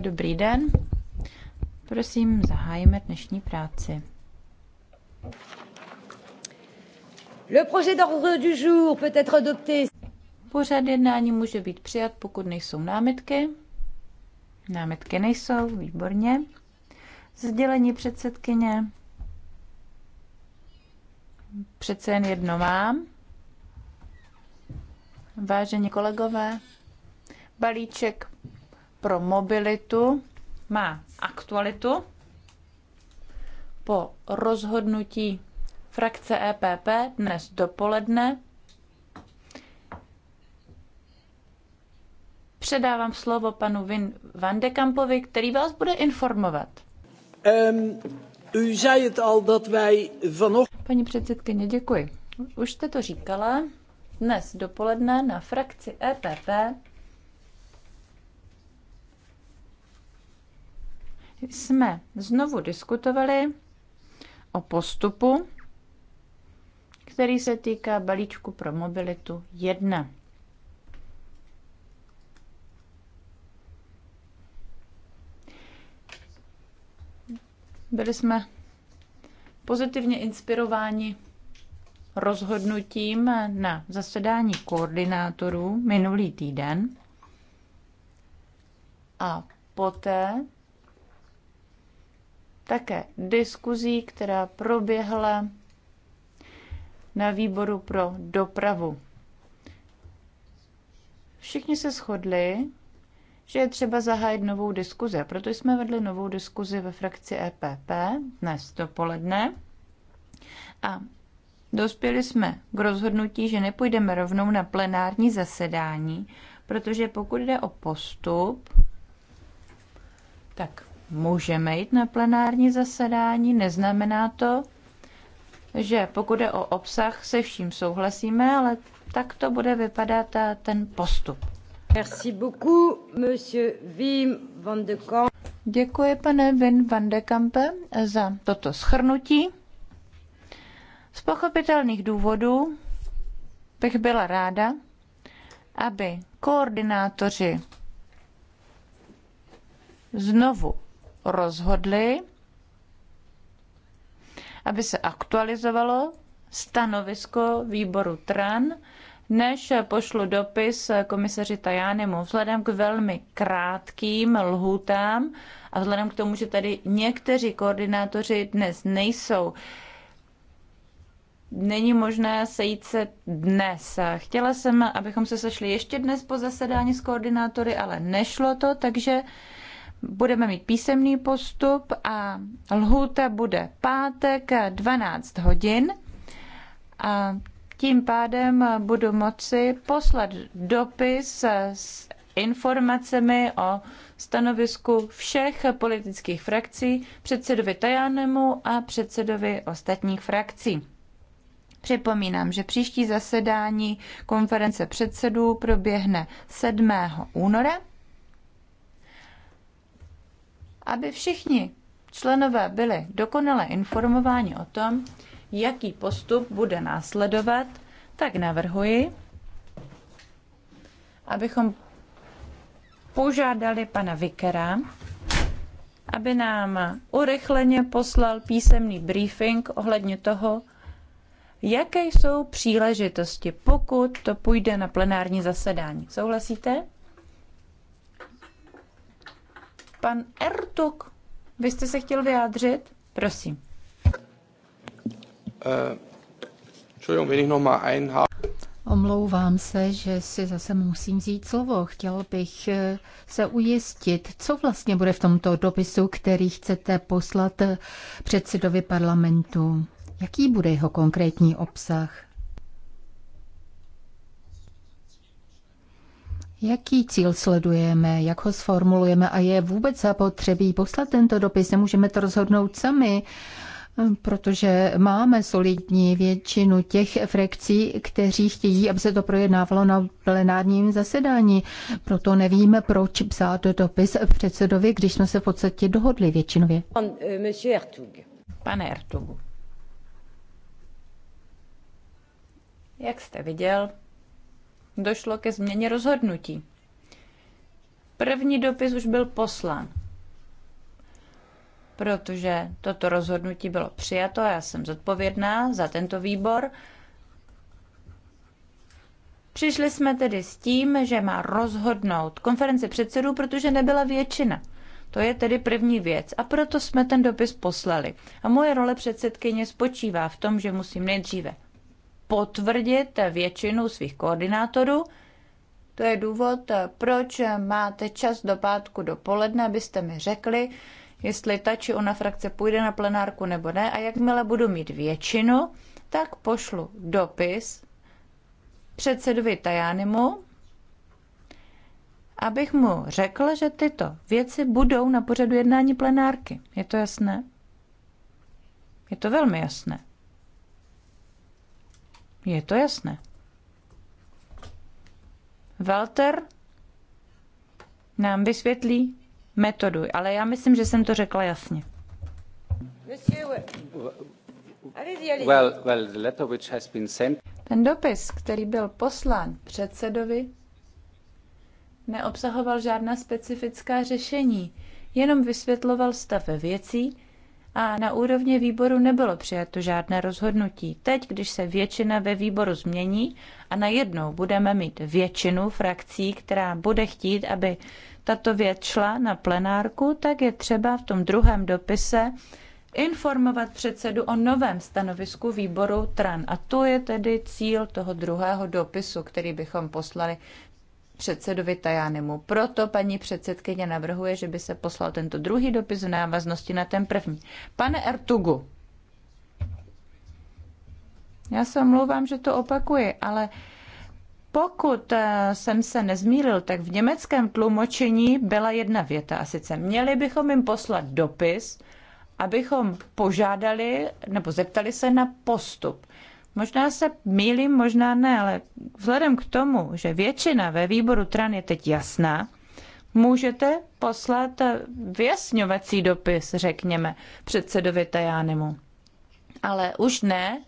Dobrý den. Prosím, zahájíme dnešní práci. Le projet d'ordre du jour peut être adopté. Pořad jednání může být přijat, pokud nejsou námitky. Námitky nejsou, výborně. Sdělení předsedkyně. Přece jen jedno mám. Vážení kolegové, balíček pro mobilitu má aktualitu po rozhodnutí frakce EPP dnes dopoledne. Předávám slovo panu Vin van de Kampovi, který vás bude informovat. Um, u zei het al dat wij vanoch... Paní předsedkyně, děkuji. Už jste to říkala. Dnes dopoledne na frakci EPP jsme znovu diskutovali o postupu, který se týká balíčku pro mobilitu 1. Byli jsme pozitivně inspirováni rozhodnutím na zasedání koordinátorů minulý týden a poté také diskuzí, která proběhla na výboru pro dopravu. Všichni se shodli, že je třeba zahájit novou diskuzi. Proto jsme vedli novou diskuzi ve frakci EPP dnes dopoledne. A dospěli jsme k rozhodnutí, že nepůjdeme rovnou na plenární zasedání, protože pokud jde o postup, tak můžeme jít na plenární zasedání, neznamená to, že pokud je o obsah, se vším souhlasíme, ale tak to bude vypadat ten postup. Merci beaucoup, monsieur Wim van de Kamp. Děkuji, pane Wim van de Kampe, za toto schrnutí. Z pochopitelných důvodů bych byla ráda, aby koordinátoři znovu rozhodli, aby se aktualizovalo stanovisko výboru TRAN, než pošlu dopis komisaři Tajánemu. Vzhledem k velmi krátkým lhůtám a vzhledem k tomu, že tady někteří koordinátoři dnes nejsou, není možné sejít se dnes. Chtěla jsem, abychom se sešli ještě dnes po zasedání s koordinátory, ale nešlo to, takže budeme mít písemný postup a lhůta bude pátek 12 hodin a tím pádem budu moci poslat dopis s informacemi o stanovisku všech politických frakcí předsedovi Tajanemu a předsedovi ostatních frakcí. Připomínám, že příští zasedání konference předsedů proběhne 7. února aby všichni členové byli dokonale informováni o tom, jaký postup bude následovat, tak navrhuji, abychom požádali pana Vikera, aby nám urychleně poslal písemný briefing ohledně toho, jaké jsou příležitosti, pokud to půjde na plenární zasedání. Souhlasíte? Pan Ertuk, vy jste se chtěl vyjádřit? Prosím. Omlouvám se, že si zase musím vzít slovo. Chtěl bych eh, se ujistit, co vlastně bude v tomto dopisu, který chcete poslat eh, předsedovi parlamentu. Jaký bude jeho konkrétní obsah? Jaký cíl sledujeme, jak ho sformulujeme a je vůbec zapotřebí poslat tento dopis? Nemůžeme to rozhodnout sami, protože máme solidní většinu těch frakcí, kteří chtějí, aby se to projednávalo na plenárním zasedání. Proto nevíme, proč psát dopis předsedovi, když jsme se v podstatě dohodli většinově. Pan, eh, Pane Ertugu, jak jste viděl, došlo ke změně rozhodnutí. První dopis už byl poslán, protože toto rozhodnutí bylo přijato já jsem zodpovědná za tento výbor. Přišli jsme tedy s tím, že má rozhodnout konference předsedů, protože nebyla většina. To je tedy první věc a proto jsme ten dopis poslali. A moje role předsedkyně spočívá v tom, že musím nejdříve potvrdit většinu svých koordinátorů. To je důvod, proč máte čas do pátku dopoledne, abyste mi řekli, jestli ta či ona frakce půjde na plenárku nebo ne. A jakmile budu mít většinu, tak pošlu dopis předsedovi Tajánimu, abych mu řekl, že tyto věci budou na pořadu jednání plenárky. Je to jasné? Je to velmi jasné. Je to jasné. Walter nám vysvětlí metodu, ale já myslím, že jsem to řekla jasně. Ten dopis, který byl poslán předsedovi, neobsahoval žádná specifická řešení, jenom vysvětloval stav věcí a na úrovni výboru nebylo přijato žádné rozhodnutí. Teď, když se většina ve výboru změní a najednou budeme mít většinu frakcí, která bude chtít, aby tato věc šla na plenárku, tak je třeba v tom druhém dopise informovat předsedu o novém stanovisku výboru TRAN. A to je tedy cíl toho druhého dopisu, který bychom poslali předsedovi Tajánemu. Proto paní předsedkyně navrhuje, že by se poslal tento druhý dopis v návaznosti na ten první. Pane Ertugu, já se omlouvám, že to opakuji, ale pokud eh, jsem se nezmílil, tak v německém tlumočení byla jedna věta a sice měli bychom jim poslat dopis, abychom požádali nebo zeptali se na postup. Možná se mýlím, možná ne, ale vzhledem k tomu, že většina ve výboru TRAN je teď jasná, můžete poslat vyjasňovací dopis, řekněme, předsedovi Tajánemu. Ale už ne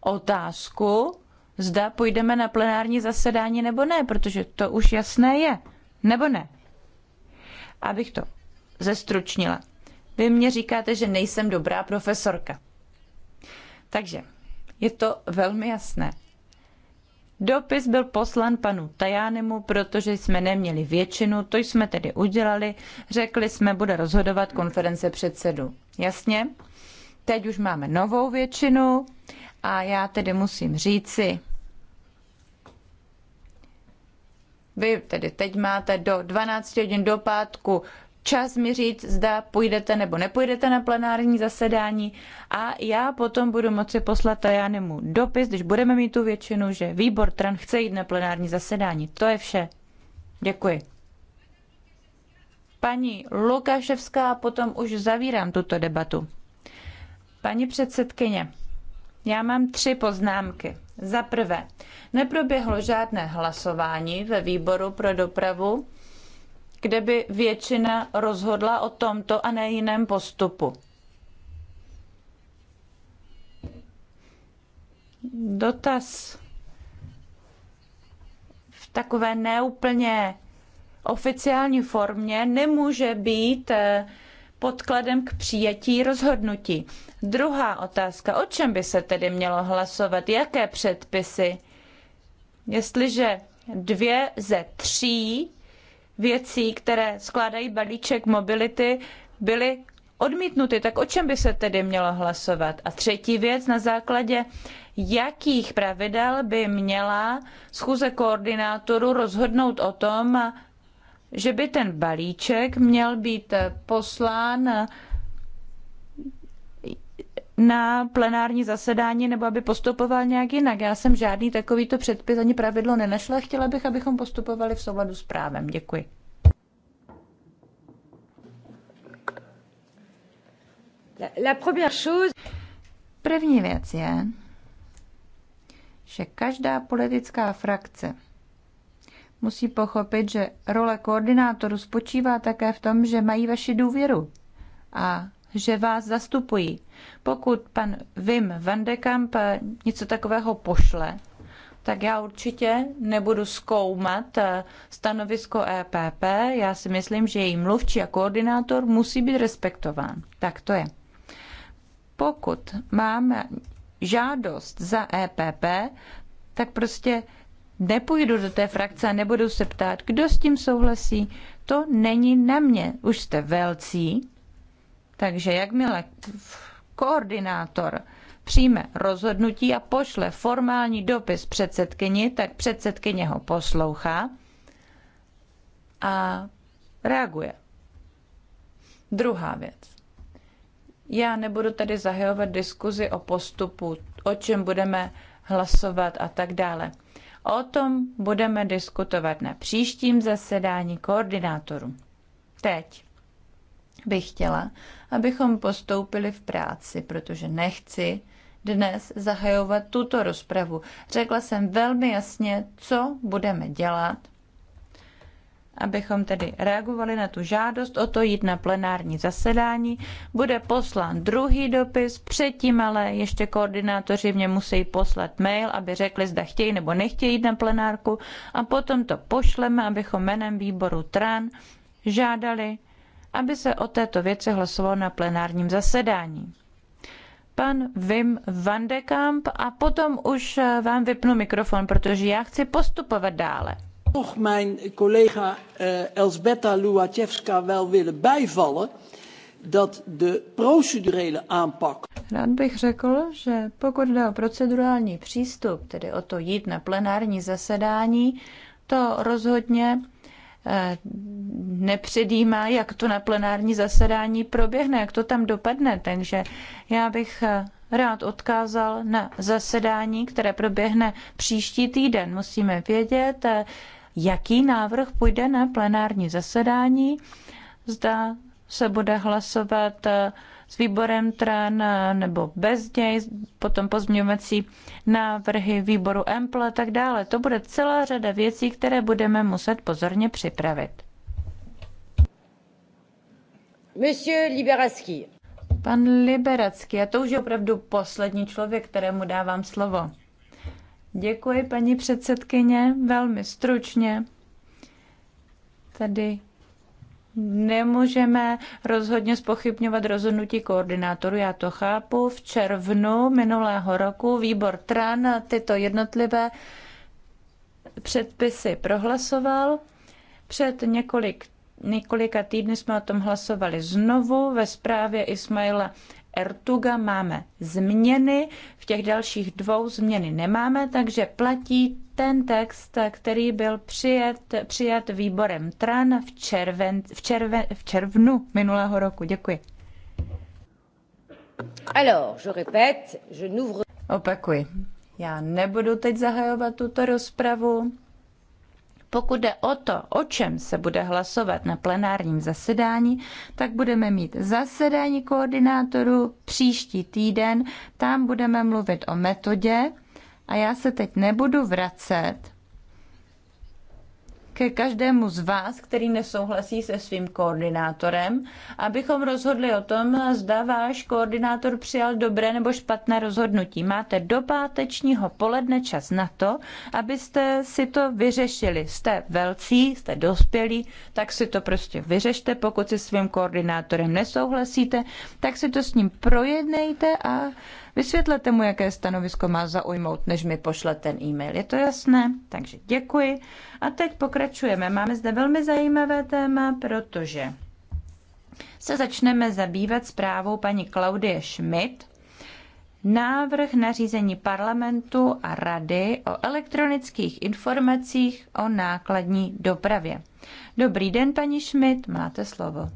otázku, zda půjdeme na plenární zasedání nebo ne, protože to už jasné je. Nebo ne? Abych to zestručnila. Vy mě říkáte, že nejsem dobrá profesorka. Takže je to velmi jasné. Dopis byl poslan panu Tajánemu, protože jsme neměli většinu, to jsme tedy udělali. Řekli jsme, bude rozhodovat konference předsedu. Jasně? Teď už máme novou většinu a já tedy musím říci, vy tedy teď máte do 12 hodin do pátku čas mi říct, zda půjdete nebo nepůjdete na plenární zasedání a já potom budu moci poslat Tajanemu dopis, když budeme mít tu většinu, že výbor TRAN chce jít na plenární zasedání. To je vše. Děkuji. Paní Lukáševská, potom už zavírám tuto debatu. Paní předsedkyně, já mám tři poznámky. Za prvé, neproběhlo žádné hlasování ve výboru pro dopravu kde by většina rozhodla o tomto a ne jiném postupu. Dotaz v takové neúplně oficiální formě nemůže být eh, podkladem k přijetí rozhodnutí. Druhá otázka, o čem by se tedy mělo hlasovat, jaké předpisy? Jestliže dvě ze tří věcí, které skládají balíček mobility, byly odmítnuty, tak o čem by se tedy mělo hlasovat? A třetí věc, na základě jakých pravidel by měla schůze koordinátorů rozhodnout o tom, že by ten balíček měl být poslán na plenární zasedání nebo aby postupoval nějak jinak. Já jsem žádný takovýto předpis ani pravidlo nenašla. Chtěla bych, abychom postupovali v souladu s právem. Děkuji. La, première chose... První věc je, že každá politická frakce musí pochopit, že role koordinátoru spočívá také v tom, že mají vaši důvěru a že vás zastupují. Pokud pan Wim van de Kamp eh, něco takového pošle, tak já určitě nebudu zkoumat eh, stanovisko EPP. Já si myslím, že její mluvčí a koordinátor musí být respektován. Tak to je. Pokud máme žádost za EPP, tak prostě nepůjdu do té frakce a nebudu se ptát, kdo s tím souhlasí. To není na mě. Už jste velcí, takže jakmile koordinátor přijme rozhodnutí a pošle formální dopis předsedkyni, tak předsedkyně ho poslouchá a reaguje. Druhá věc. Já nebudu tady zahajovat diskuzi o postupu, o čem budeme hlasovat a tak dále. O tom budeme diskutovat na příštím zasedání koordinátorů. Teď bych chtěla, abychom postoupili v práci, protože nechci dnes zahajovat tuto rozpravu. Řekla jsem velmi jasně, co budeme dělat, abychom tedy reagovali na tu žádost o to jít na plenární zasedání. Bude poslán druhý dopis, předtím ale ještě koordinátoři mě musí poslat mail, aby řekli, zda chtějí nebo nechtějí jít na plenárku a potom to pošleme, abychom jménem výboru TRAN žádali aby se o této věci hlasovalo na plenárním zasedání. Pan Wim van de Kamp a potom už eh, vám vypnu mikrofon, protože já chci postupovat dále. Toch mijn collega uh, eh, Elsbeta Luatjevska wel willen bijvallen dat de procedurele aanpak. Rád bych řekl, že pokud jde o procedurální přístup, tedy o to jít na plenární zasedání, to rozhodně eh, nepředjímá, jak to na plenární zasedání proběhne, jak to tam dopadne. Takže já bych eh, rád odkázal na zasedání, které proběhne příští týden. Musíme vědět, eh, jaký návrh půjde na plenární zasedání. Zda se bude hlasovat eh, s výborem TRAN nebo bez něj, potom pozměňovací návrhy výboru EMPL a tak dále. To bude celá řada věcí, které budeme muset pozorně připravit. Monsieur Liberacký. Pan Liberacký, já to už je opravdu poslední člověk, kterému dávám slovo. Děkuji, paní předsedkyně, velmi stručně. Tady Nemůžeme rozhodně spochybňovat rozhodnutí koordinátoru, já to chápu. V červnu minulého roku výbor TRAN tyto jednotlivé předpisy prohlasoval. Před několik několika týdny jsme o tom hlasovali znovu. Ve zprávě Ismaila Ertuga máme změny, v těch dalších dvou změny nemáme, takže platí ten text, který byl přijat, přijat výborem TRAN v, červen, v, červen, v červnu minulého roku. Děkuji. Alors, je répète, je Opakuji. Já nebudu teď zahajovat tuto rozpravu. Pokud jde o to, o čem se bude hlasovat na plenárním zasedání, tak budeme mít zasedání koordinátorů příští týden. Tam budeme mluvit o metodě a já se teď nebudu vracet ke každému z vás, který nesouhlasí se svým koordinátorem, abychom rozhodli o tom, zda váš koordinátor přijal dobré nebo špatné rozhodnutí. Máte do pátečního poledne čas na to, abyste si to vyřešili. Jste velcí, jste dospělí, tak si to prostě vyřešte. Pokud si svým koordinátorem nesouhlasíte, tak si to s ním projednejte a Vysvětlete mu, jaké stanovisko má zaujmout, než mi pošle ten e-mail. Je to jasné? Takže děkuji. A teď pokračujeme. Máme zde velmi zajímavé téma, protože se začneme zabývat zprávou paní Klaudie Schmidt, návrh nařízení parlamentu a rady o elektronických informacích o nákladní dopravě. Dobrý den, paní Schmidt, máte slovo.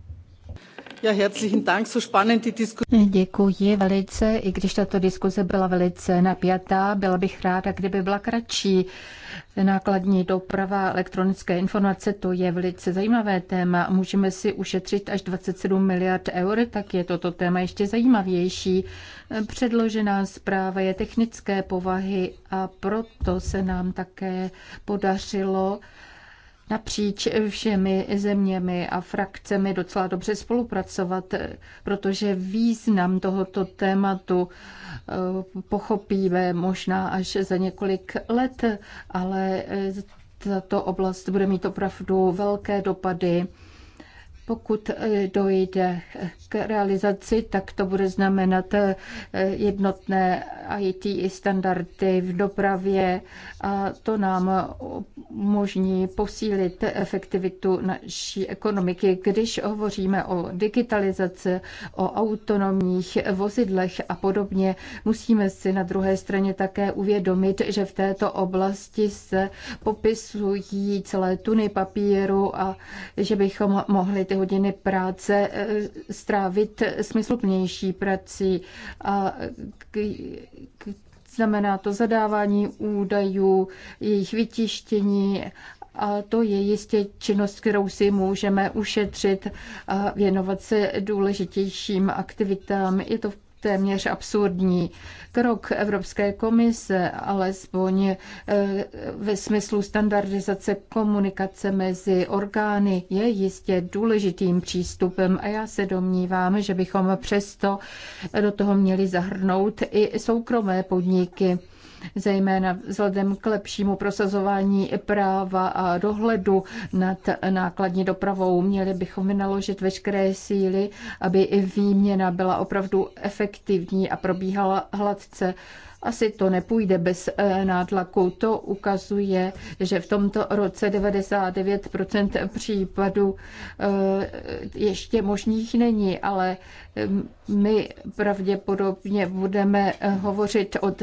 Děkuji velice, i když tato diskuze byla velice napjatá, byla bych ráda, kdyby byla kratší. Nákladní doprava, elektronické informace, to je velice zajímavé téma. Můžeme si ušetřit až 27 miliard eur, tak je toto téma ještě zajímavější. Předložená zpráva je technické povahy a proto se nám také podařilo napříč všemi zeměmi a frakcemi docela dobře spolupracovat, protože význam tohoto tématu eh, pochopíme možná až za několik let, ale eh, tato oblast bude mít opravdu velké dopady. Pokud eh, dojde k realizaci, tak to bude znamenat jednotné IT standardy v dopravě a to nám umožní posílit efektivitu naší ekonomiky. Když hovoříme o digitalizaci, o autonomních vozidlech a podobně, musíme si na druhé straně také uvědomit, že v této oblasti se popisují celé tuny papíru a že bychom mohli ty hodiny práce eh, strávit smysluplnější prací. A Znamená to zadávání údajů, jejich vytištění a to je jistě činnost, kterou si můžeme ušetřit a věnovat se důležitějším aktivitám. Je to v téměř absurdní krok Evropské komise, alespoň eh, ve smyslu standardizace komunikace mezi orgány, je jistě důležitým přístupem a já se domnívám, že bychom přesto do toho měli zahrnout i soukromé podniky zejména vzhledem k lepšímu prosazování práva a dohledu nad nákladní dopravou. Měli bychom vynaložit veškeré síly, aby i výměna byla opravdu efektivní a probíhala hladce asi to nepůjde bez eh, nátlaku. To ukazuje, že v tomto roce 99% případů eh, ještě možných není, ale eh, my pravděpodobně budeme hovořit od,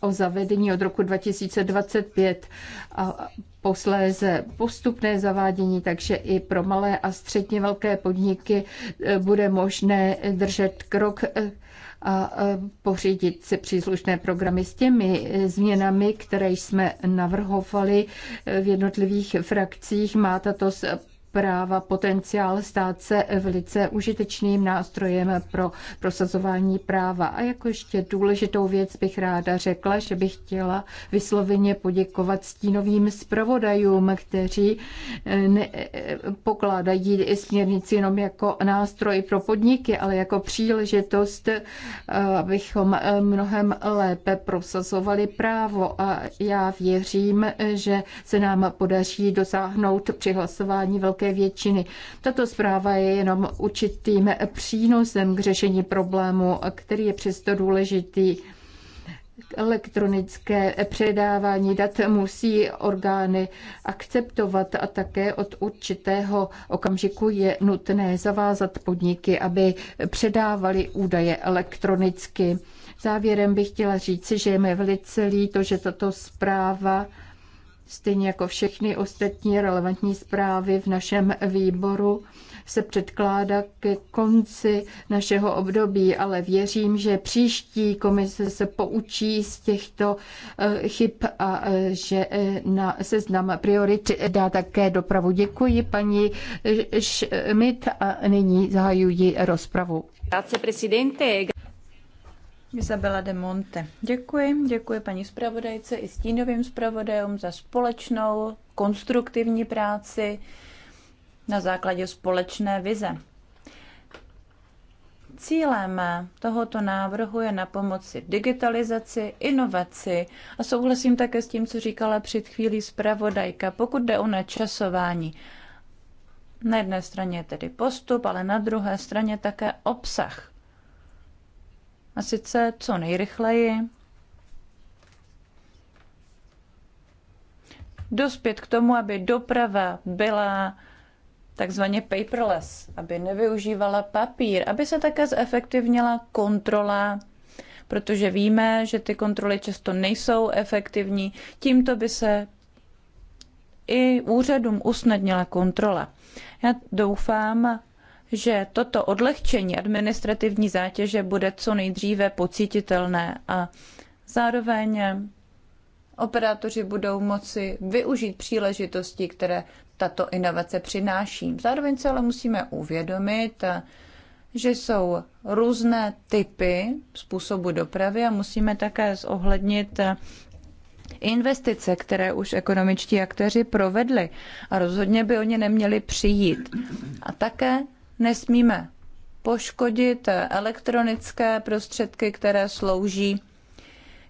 o zavedení od roku 2025 a posléze postupné zavádění, takže i pro malé a středně velké podniky bude možné držet krok a pořídit si příslušné programy s těmi změnami, které jsme navrhovali v jednotlivých frakcích. Má tato práva potenciál stát se velice užitečným nástrojem pro prosazování práva. A jako ještě důležitou věc bych ráda řekla, že bych chtěla vysloveně poděkovat stínovým zpravodajům, kteří eh, ne, eh, pokládají směrnici jenom jako nástroj pro podniky, ale jako příležitost, eh, abychom mnohem lépe prosazovali právo. A já věřím, že se nám podaří dosáhnout při hlasování velké velké většiny. Tato zpráva je jenom určitým přínosem k řešení problému, který je přesto důležitý. Elektronické předávání dat musí orgány akceptovat a také od určitého okamžiku je nutné zavázat podniky, aby předávali údaje elektronicky. Závěrem bych chtěla říci, že je mi velice líto, že tato zpráva stejně jako všechny ostatní relevantní zprávy v našem výboru, se předkládá ke konci našeho období, ale věřím, že příští komise se poučí z těchto eh, chyb a eh, že eh, na seznam priorit dá také dopravu. Děkuji paní Schmidt a nyní zahajuji rozpravu. Grazie, Isabela de Monte. Děkuji, děkuji paní zpravodajce i stínovým zpravodajům za společnou konstruktivní práci na základě společné vize. Cílem tohoto návrhu je na pomoci digitalizaci, inovaci a souhlasím také s tím, co říkala před chvílí zpravodajka, pokud jde o načasování. Na jedné straně je tedy postup, ale na druhé straně také obsah a sice co nejrychleji dospět k tomu, aby doprava byla takzvaně paperless, aby nevyužívala papír, aby se také zefektivnila kontrola, protože víme, že ty kontroly často nejsou efektivní. Tímto by se i úřadům usnadnila kontrola. Já doufám, že toto odlehčení administrativní zátěže bude co nejdříve pocítitelné a zároveň operátoři budou moci využít příležitosti, které tato inovace přináší. Zároveň se ale musíme uvědomit, že jsou různé typy způsobu dopravy a musíme také zohlednit investice, které už ekonomičtí aktéři provedli a rozhodně by oni neměli přijít. A také nesmíme poškodit elektronické prostředky, které slouží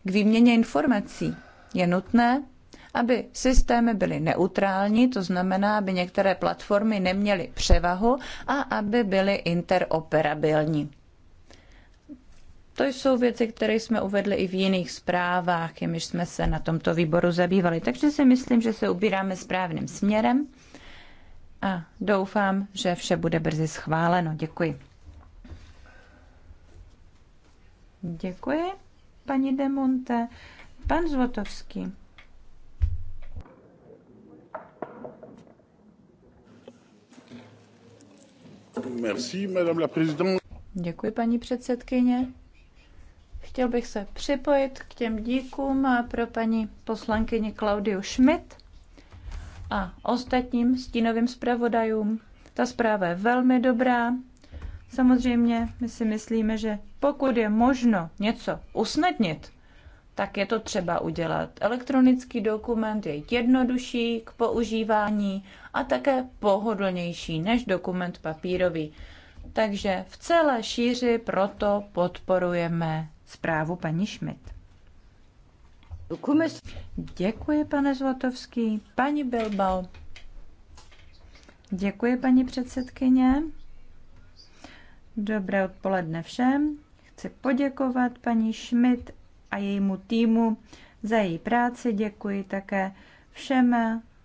k výměně informací. Je nutné, aby systémy byly neutrální, to znamená, aby některé platformy neměly převahu a aby byly interoperabilní. To jsou věci, které jsme uvedli i v jiných zprávách, jimiž jsme se na tomto výboru zabývali. Takže si myslím, že se ubíráme správným směrem a doufám, že vše bude brzy schváleno. Děkuji. Děkuji, paní Demonte. Pan Zlotovský. Merci, madame la présidente. Děkuji, paní předsedkyně. Chtěl bych se připojit k těm díkům pro paní poslankyni Klaudiu Schmidt a ostatním stínovým zpravodajům. Ta zpráva je velmi dobrá. Samozřejmě my si myslíme, že pokud je možno něco usnadnit, tak je to třeba udělat. Elektronický dokument je jednodušší k používání a také pohodlnější než dokument papírový. Takže v celé šíři proto podporujeme zprávu paní Schmidt. Děkuji, pane Zlatovský. Paní Bilbao. Děkuji, paní předsedkyně. Dobré odpoledne všem. Chci poděkovat paní Schmidt a jejímu týmu za její práci. Děkuji také všem,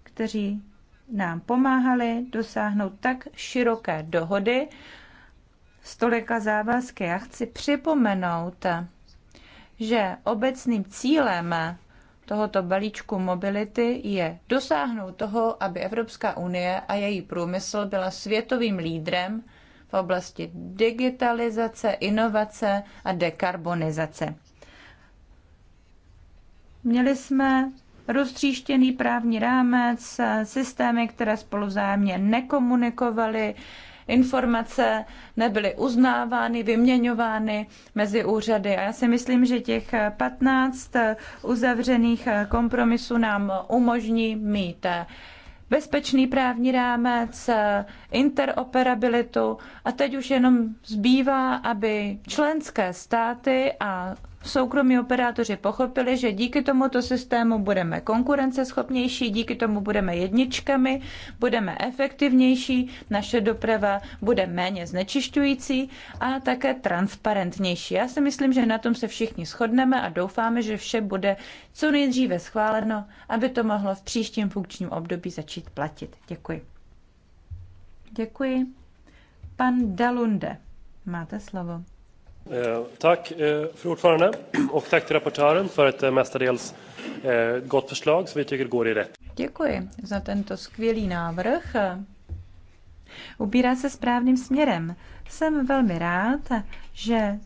kteří nám pomáhali dosáhnout tak široké dohody s tolika závazky. Já chci připomenout že obecným cílem tohoto balíčku mobility je dosáhnout toho, aby Evropská unie a její průmysl byla světovým lídrem v oblasti digitalizace, inovace a dekarbonizace. Měli jsme roztříštěný právní rámec, systémy, které spolu vzájemně nekomunikovaly, informace nebyly uznávány, vyměňovány mezi úřady. A já si myslím, že těch 15 uzavřených kompromisů nám umožní mít bezpečný právní rámec, interoperabilitu a teď už jenom zbývá, aby členské státy a soukromí operátoři pochopili, že díky tomuto systému budeme konkurenceschopnější, díky tomu budeme jedničkami, budeme efektivnější, naše doprava bude méně znečišťující a také transparentnější. Já si myslím, že na tom se všichni shodneme a doufáme, že vše bude co nejdříve schváleno, aby to mohlo v příštím funkčním období začít platit. Děkuji. Děkuji. Pan Dalunde, máte slovo. Eh, tack, eh, fru ordförande. Och tack till rapportören för ett eh, mestadels gott förslag som vi tycker går i rätt. Děkuji za tento skvělý návrh. Ubírá se správným směrem. Jsem velmi rád, že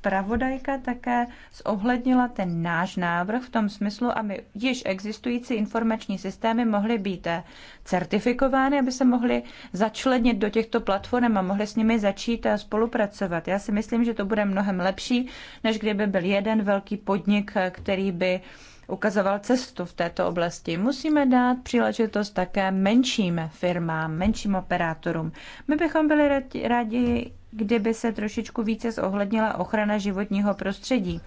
zpravodajka také zohlednila ten náš návrh v tom smyslu, aby již existující informační systémy mohly být eh, certifikovány, aby se mohly začlenit do těchto platform a mohly s nimi začít eh, spolupracovat. Já si myslím, že to bude mnohem lepší, než kdyby byl jeden velký podnik, eh, který by ukazoval cestu v této oblasti. Musíme dát příležitost také menším firmám, menším operátorům. My bychom byli rádi, kdyby se trošičku více zohlednila ochrana životního prostředí.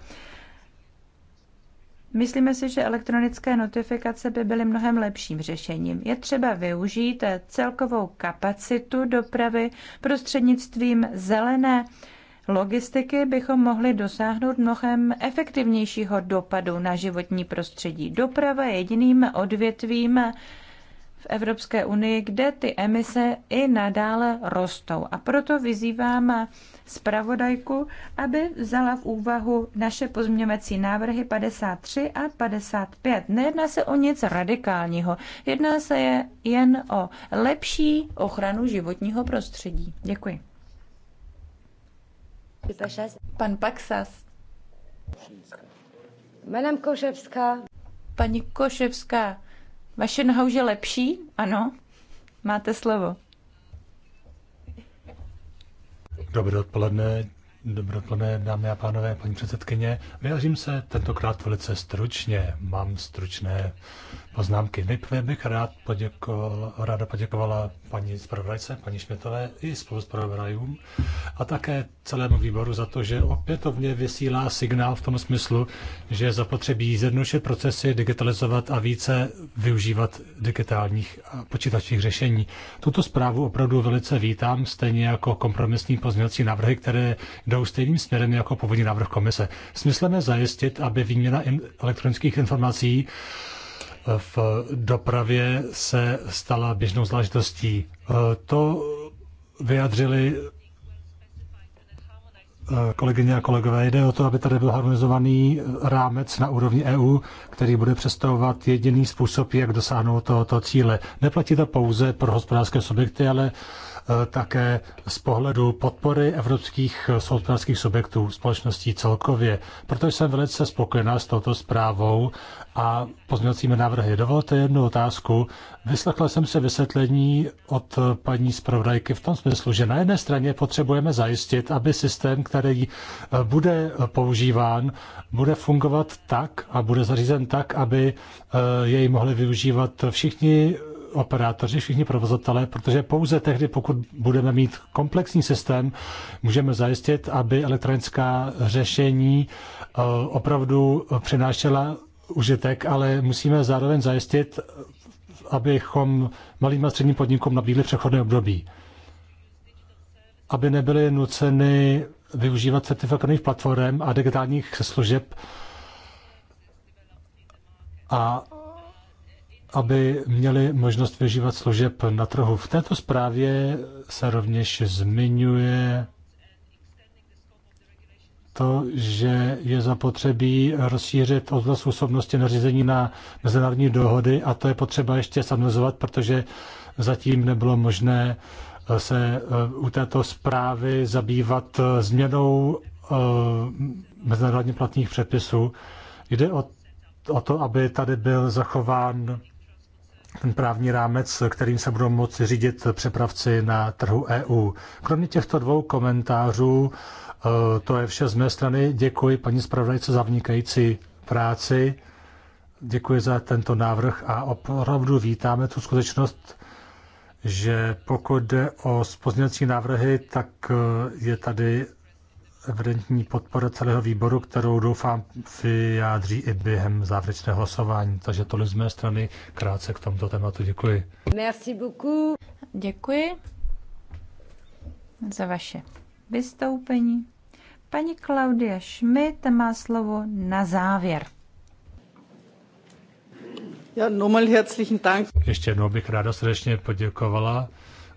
Myslíme si, že elektronické notifikace by byly mnohem lepším řešením. Je třeba využít celkovou kapacitu dopravy prostřednictvím zelené logistiky bychom mohli dosáhnout mnohem efektivnějšího dopadu na životní prostředí. Doprava je jediným odvětvím, v Evropské unii, kde ty emise i nadále rostou. A proto vyzývám zpravodajku, aby vzala v úvahu naše pozměňovací návrhy 53 a 55. Nejedná se o nic radikálního, jedná se je jen o lepší ochranu životního prostředí. Děkuji. Pan Paksas. Madame Koševská. Paní Koševská. Vaše noha už je lepší? Ano? Máte slovo. Dobré odpoledne, dobré odpoledne, dámy a pánové, paní předsedkyně. Vyjádřím se tentokrát velice stručně. Mám stručné poznámky. Nejprve bych rád poděkoval, ráda poděkovala paní zpravodajce, paní Šmětové i spolu s a také celému výboru za to, že opětovně vysílá signál v tom smyslu, že je zapotřebí zjednodušit procesy, digitalizovat a více využívat digitálních a počítačových řešení. Tuto zprávu opravdu velice vítám, stejně jako kompromisní pozměňovací návrhy, které jdou stejným směrem jako původní návrh komise. Smyslem je zajistit, aby výměna elektronických informací v dopravě se stala běžnou záležitostí. E, to vyjadřili e, kolegyně a kolegové. Jde o to, aby tady byl harmonizovaný rámec na úrovni EU, který bude představovat jediný způsob, jak dosáhnout tohoto cíle. Neplatí to pouze pro hospodářské subjekty, ale Eh, také z pohledu podpory evropských eh, hospodářských subjektů, společností celkově. Proto jsem velice spokojená s touto zprávou a pozměňovacími návrhy. Dovolte jednu otázku. Vyslechla jsem se vysvětlení od eh, paní zpravodajky v tom smyslu, že na jedné straně potřebujeme zajistit, aby systém, který bude používán, bude fungovat tak a bude zařízen tak, aby jej mohli využívat všichni operátoři, všichni provozatelé, protože pouze tehdy, pokud budeme mít komplexní systém, můžeme zajistit, aby elektronická řešení eh, opravdu přinášela užitek, ale musíme zároveň zajistit, abychom malým a středním podnikům nabídli přechodné období. Aby nebyly nuceny využívat certifikovaných platform a digitálních služeb a aby měli možnost využívat služeb na trhu. V této zprávě se rovněž zmiňuje to, že je zapotřebí rozšířit oblast působnosti nařízení na mezinárodní dohody a to je potřeba ještě samozovat, protože zatím nebylo možné eh, se eh, u této zprávy zabývat eh, změnou mezinárodně platných předpisů. Jde o to, aby tady byl zachován ten právní rámec, kterým se budou moci řídit přepravci na trhu EU. Kromě těchto dvou komentářů, eh, to je vše z mé strany. Děkuji paní zpravodajce za vnikající práci. Děkuji za tento návrh a opravdu vítáme tu skutečnost, že pokud jde o spozněcí návrhy, tak eh, je tady evidentní podpora celého výboru, kterou doufám vyjádří i během závěrečného hlasování. Takže tolik z mé strany krátce k tomuto tématu. Děkuji. Merci beaucoup. Děkuji za vaše vystoupení. Paní Klaudia Schmidt má slovo na závěr. Ještě jednou bych ráda srdečně poděkovala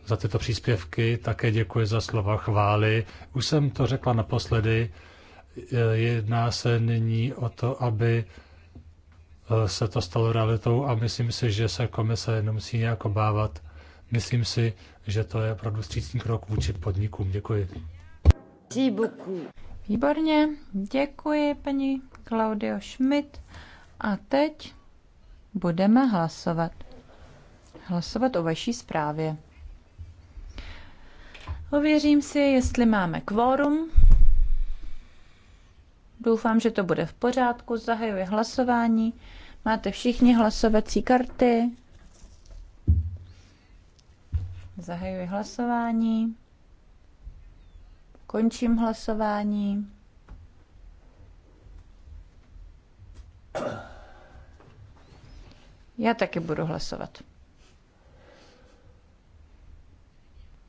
za tyto příspěvky, také děkuji za slova chvály. Už jsem to řekla naposledy, jedná se nyní o to, aby e, se to stalo realitou a myslím si, že se komise nemusí nějak obávat. Myslím si, že to je opravdu střícný krok vůči podnikům. Děkuji. Výborně, děkuji paní Claudio Schmidt. A teď budeme hlasovat. Hlasovat o vaší zprávě. Ověřím si, jestli máme kvórum. Doufám, že to bude v pořádku. Zahajuji hlasování. Máte všichni hlasovací karty. Zahajuji hlasování. Končím hlasování. Já taky budu hlasovat.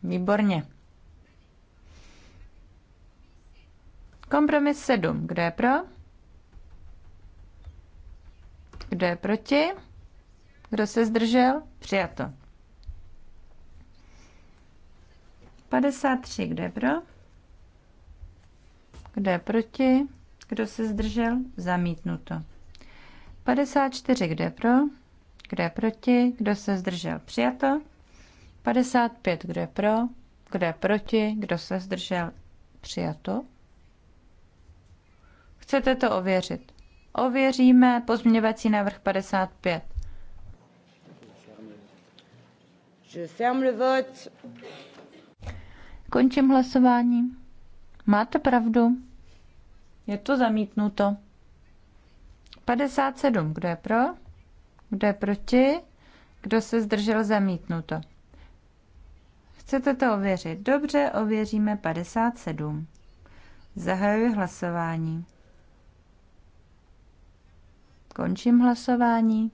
Výborně. Kompromis 7. Kdo je pro? Kdo je proti? Kdo se zdržel? Přijato. 53. Kdo je pro? Kdo je proti? Kdo se zdržel? Zamítnuto. 54. Kdo je pro? Kdo je proti? Kdo se zdržel? Přijato. 55. Kdo je pro? Kdo je proti? Kdo se zdržel? Přijato. Chcete to ověřit? Ověříme pozměňovací návrh 55. Je ferme le vote. Končím hlasování. Máte pravdu. Je to zamítnuto. 57. Kdo je pro? Kdo je proti? Kdo se zdržel zamítnuto? Chcete to ověřit? Dobře, ověříme 57. Zahajuji hlasování. Končím hlasování.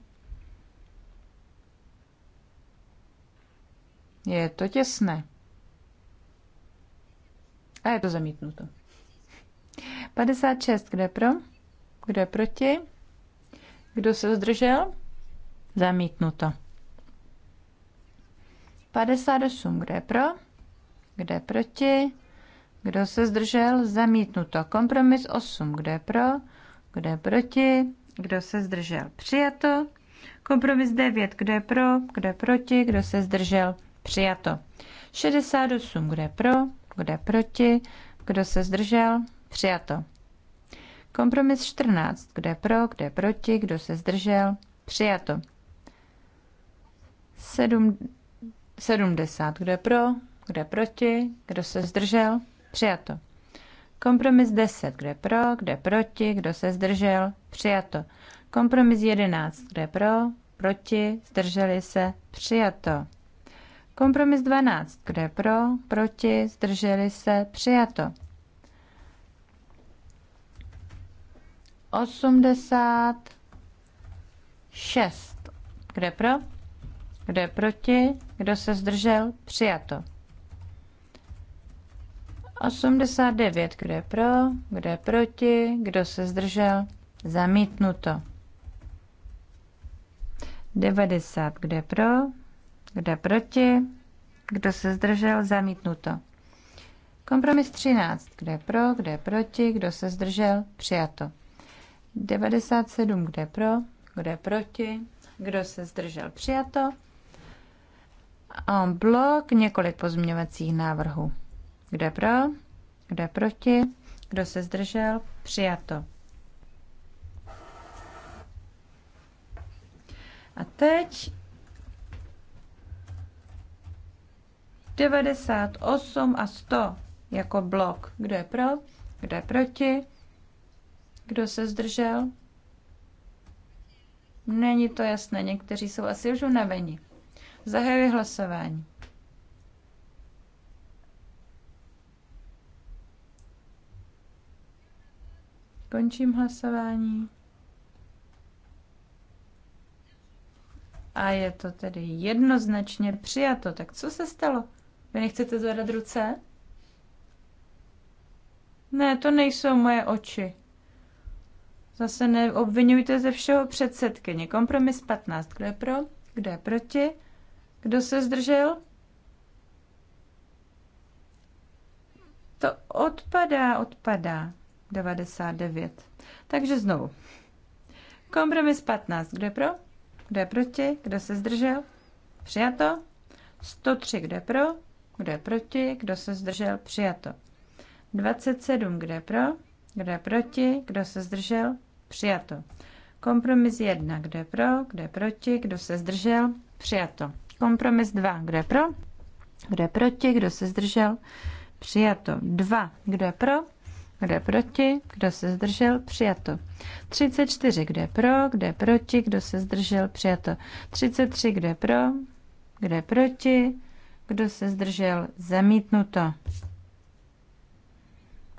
Je to těsné. A je to zamítnuto. 56, kde pro? Kdo je proti? Kdo se zdržel? Zamítnuto. 58, kde je pro? Kde je proti? Kdo se zdržel? Zamítnuto. Kompromis 8, kde je pro? Kde je proti? kdo se zdržel, přijato. Kompromis 9, kdo je pro, kdo je proti, kdo se zdržel, přijato. 68, kdo je pro, kdo je proti, kdo se zdržel, přijato. Kompromis 14, kdo je pro, kdo je proti, kdo se zdržel, přijato. 7, 70, kdo je pro, kdo je proti, kdo se zdržel, přijato. Kompromis 10, kde pro, kde proti, kdo se zdržel, přijato. Kompromis 11, kde pro, proti, zdrželi se, přijato. Kompromis 12, kde pro, proti, zdrželi se, přijato. 86, kde pro, kde proti, kdo se zdržel, přijato. 89. Kdo je pro? Kdo je proti? Kdo se zdržel? Zamítnuto. 90. Kdo je pro? Kdo je proti? Kdo se zdržel? Zamítnuto. Kompromis 13. Kdo je pro? Kdo je proti? Kdo se zdržel? Přijato. 97. Kdo je pro? Kdo je proti? Kdo se zdržel? Přijato. A blok několik pozměňovacích návrhů. Kde pro? Kde proti? Kdo se zdržel? Přijato. A teď 98 a 100 jako blok. Kdo je pro? Kdo je proti? Kdo se zdržel? Není to jasné, někteří jsou asi už unavení. Zahajuji hlasování. Končím hlasování. A je to tedy jednoznačně přijato. Tak co se stalo? Vy nechcete zvedat ruce? Ne, to nejsou moje oči. Zase neobvinujte ze všeho předsedkyně. Kompromis 15. Kdo je pro? Kdo je proti? Kdo se zdržel? To odpadá, odpadá. 99. Takže znovu. Kompromis 15. Kdo je pro? Kdo je proti? Kdo se zdržel? Přijato. 103. Kdo je pro? Kdo je proti? Kdo se zdržel? Přijato. 27. Kdo je pro? Kdo je proti? Kdo se zdržel? Přijato. Kompromis 1. Kdo je pro? Kdo je proti? Kdo se zdržel? Přijato. Kompromis 2. Kdo je pro? Kdo je proti? Kdo se zdržel? Přijato. 2. Kdo je pro? kdo je proti, kdo se zdržel, přijato. 34, kdo je pro, kdo je proti, kdo se zdržel, přijato. 33, kdo je pro, kdo je proti, kdo se zdržel, zamítnuto.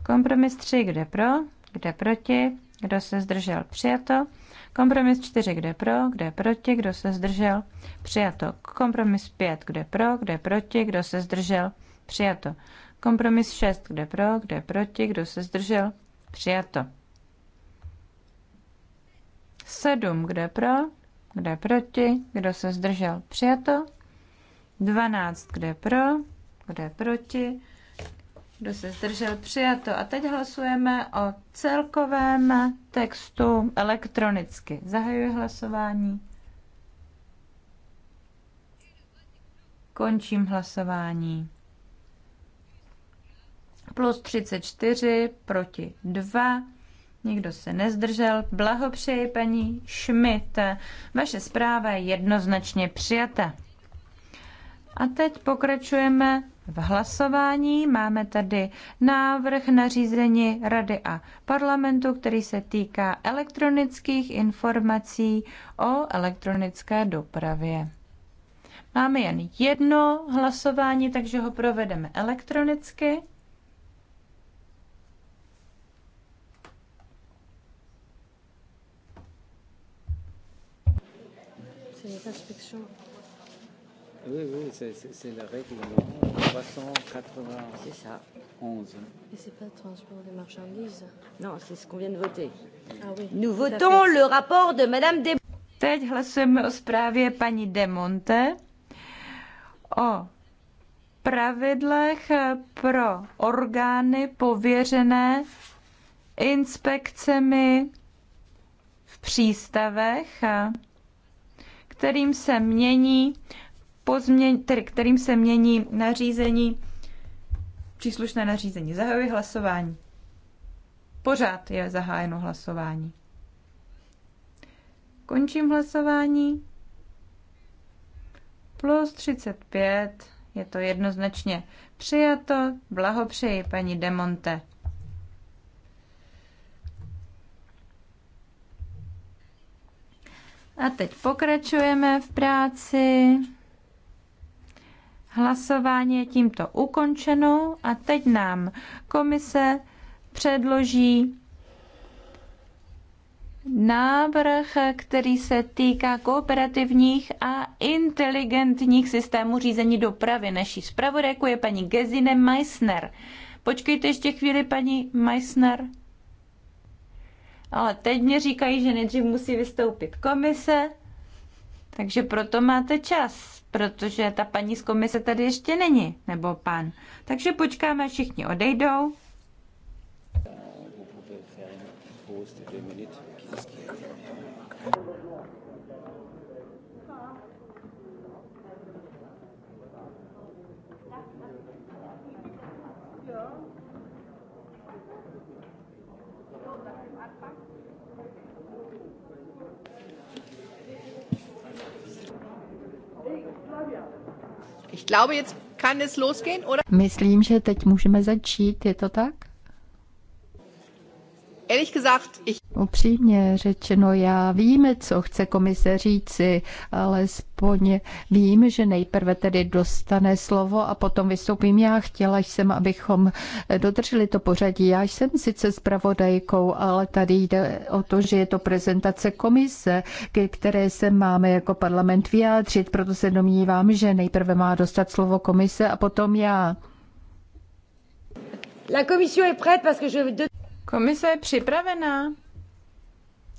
Kompromis 3, kde pro, kde proti, kdo se zdržel, přijato. Kompromis 4, kde pro, kde proti, kdo se zdržel, přijato. Kompromis 5, kde pro, kde proti, kdo se zdržel, přijato. Kompromis 6. Kde pro, kde proti, kdo se zdržel? Přijato. 7. Kde pro, kde proti, kdo se zdržel? Přijato. 12. Kde pro, kde proti, kdo se zdržel? Přijato. A teď hlasujeme o celkovém textu elektronicky. Zahajuji hlasování. Končím hlasování plus 34 proti 2. Nikdo se nezdržel. Blahopřeji paní Schmidt. Vaše zpráva je jednoznačně přijata. A teď pokračujeme v hlasování. Máme tady návrh na řízení Rady a parlamentu, který se týká elektronických informací o elektronické dopravě. Máme jen jedno hlasování, takže ho provedeme elektronicky. Oui, oui, c'est le règlement 391. Mais c'est pas le transport des marchandises. Non, c'est ce qu'on vient de voter. Ah, oui. Nous votons le rapport de Madame De... Teď hlasujeme o zprávě paní De Monte o pravidlech pro orgány pověřené inspekcemi v přístavech, kterým se mění pozměň, tedy kterým se mění nařízení, příslušné nařízení. Zahajuji hlasování. Pořád je zahájeno hlasování. Končím hlasování. Plus 35. Je to jednoznačně přijato. Blahopřeji, paní Demonte. A teď pokračujeme v práci. Hlasování je tímto ukončeno a teď nám komise předloží návrh, který se týká kooperativních a inteligentních systémů řízení dopravy. Naší zpravodajku je paní Gezine Meissner. Počkejte ještě chvíli, paní Meissner. Ale teď mě říkají, že nejdřív musí vystoupit komise, takže proto máte čas protože ta paní z komise tady ještě není, nebo pan. Takže počkáme, všichni odejdou. Ich glaube, jetzt kann es losgehen, oder? Myslím, že teď můžeme začít, je to tak? Upřímně řečeno, já vím, co chce komise říci, alespoň vím, že nejprve tedy dostane slovo a potom vystoupím já. Chtěla jsem, abychom dodrželi to pořadí. Já jsem sice zpravodajkou, ale tady jde o to, že je to prezentace komise, ke které se máme jako parlament vyjádřit, proto se domnívám, že nejprve má dostat slovo komise a potom já. La commission est prête parce que je Komise je připravená.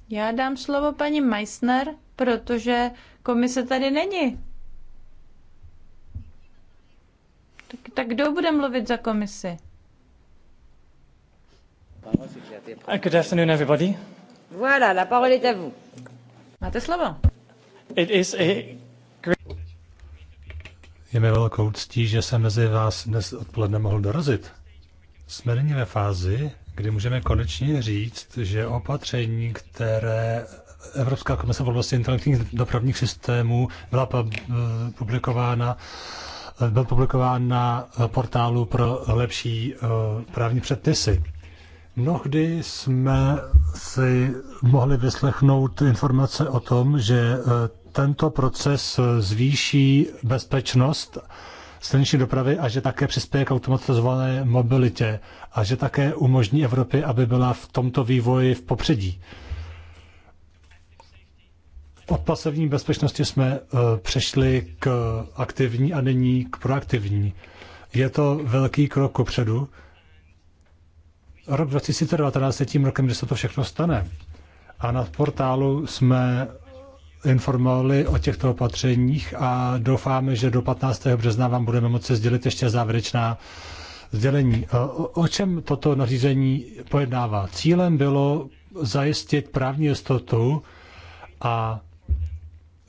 Já dám slovo paní Meissner, protože komise tady není. Tak, tak kdo bude mluvit za komisi? Good afternoon, everybody. Voilà, la parole est à vous. Máte slovo. It is a great... Je mi velkou ctí, že jsem mezi vás dnes odpoledne mohl dorazit. Jsme nyní ve fázi, kdy můžeme konečně říct, že opatření, které Evropská komise v oblasti inteligentních dopravních systémů byla publikována byl publikován na portálu pro lepší eh, právní předpisy. Mnohdy jsme si mohli vyslechnout informace o tom, že eh, tento proces eh, zvýší bezpečnost silniční dopravy a že také přispěje k automatizované mobilitě a že také umožní Evropě, aby byla v tomto vývoji v popředí. Od pasivní bezpečnosti jsme eh, přešli k aktivní a nyní k proaktivní. Je to velký krok kupředu. Rok 2019 je tím rokem, kdy se to všechno stane. A na portálu jsme informovali o těchto opatřeních a doufáme, že do 15. března vám budeme moci sdělit ještě závěrečná sdělení. O čem toto nařízení pojednává? Cílem bylo zajistit právní jistotu a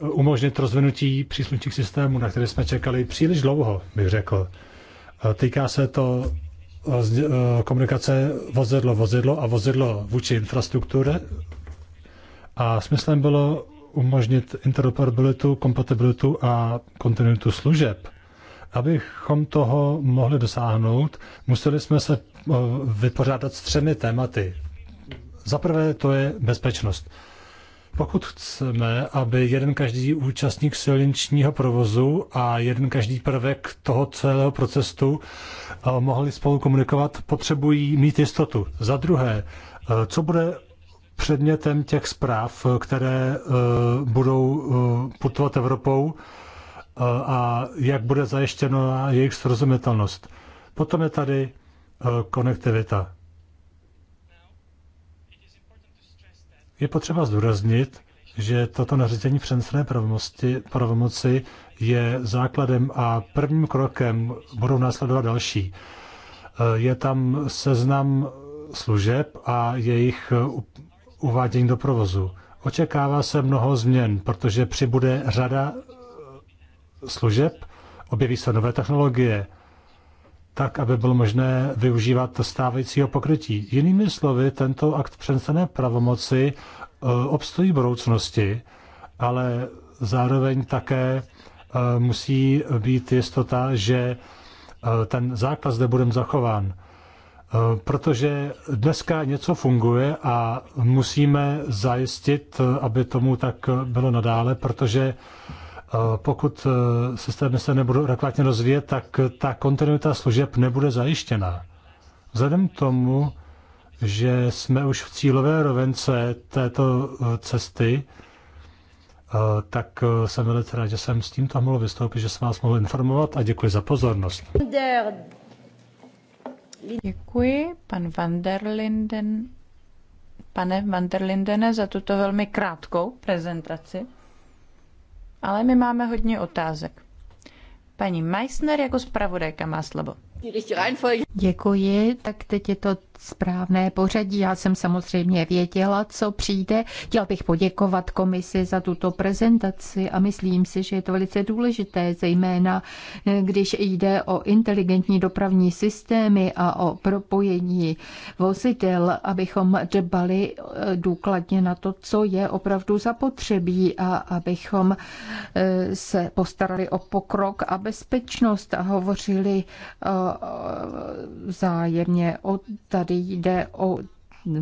umožnit rozvinutí příslušných systémů, na které jsme čekali příliš dlouho, bych řekl. E, týká se to e, e, komunikace vozidlo-vozidlo a vozidlo vůči infrastruktuře. A smyslem bylo umožnit interoperabilitu, kompatibilitu a kontinuitu služeb. Abychom toho mohli dosáhnout, museli jsme se eh, vypořádat s třemi tématy. Za prvé to je bezpečnost. Pokud chceme, aby jeden každý účastník silničního provozu a jeden každý prvek toho celého procesu eh, mohli spolu komunikovat, potřebují mít jistotu. Za druhé, eh, co bude předmětem těch zpráv, eh, které eh, budou eh, putovat Evropou a jak bude zajištěna jejich srozumitelnost. Potom je tady konektivita. Je potřeba zdůraznit, že toto nařízení přenesené pravomoci, je základem a prvním krokem budou následovat další. Je tam seznam služeb a jejich uvádění do provozu. Očekává se mnoho změn, protože přibude řada eh, služeb, objeví se nové technologie, tak, aby bylo možné využívat stávajícího pokrytí. Jinými slovy, tento akt přenesené pravomoci eh, obstojí budoucnosti, ale zároveň také eh, musí být jistota, že ten základ zde budeme zachován. Eh, protože dneska něco funguje a musíme zajistit, eh, aby tomu tak eh, bylo nadále, protože pokud systémy se nebudou adekvátně rozvíjet, tak ta kontinuita služeb nebude zajištěna. Vzhledem k tomu, že jsme už v cílové rovence této cesty, tak jsem velice rád, že jsem s tímto mohl vystoupit, že jsem vás mohl informovat a děkuji za pozornost. Děkuji, pan van der Linden, pane van der Lindene, za tuto velmi krátkou prezentaci. Ale my máme hodně otázek. Paní Meissner jako zpravodajka má slovo. Děkuji, tak teď je to správné pořadí. Já jsem samozřejmě věděla, co přijde. Chtěl bych poděkovat komisi za tuto prezentaci a myslím si, že je to velice důležité, zejména eh, když jde o inteligentní dopravní systémy a o propojení vozidel, abychom dbali eh, důkladně na to, co je opravdu zapotřebí a abychom eh, se postarali o pokrok a bezpečnost a hovořili zájemně o tady Tady jde o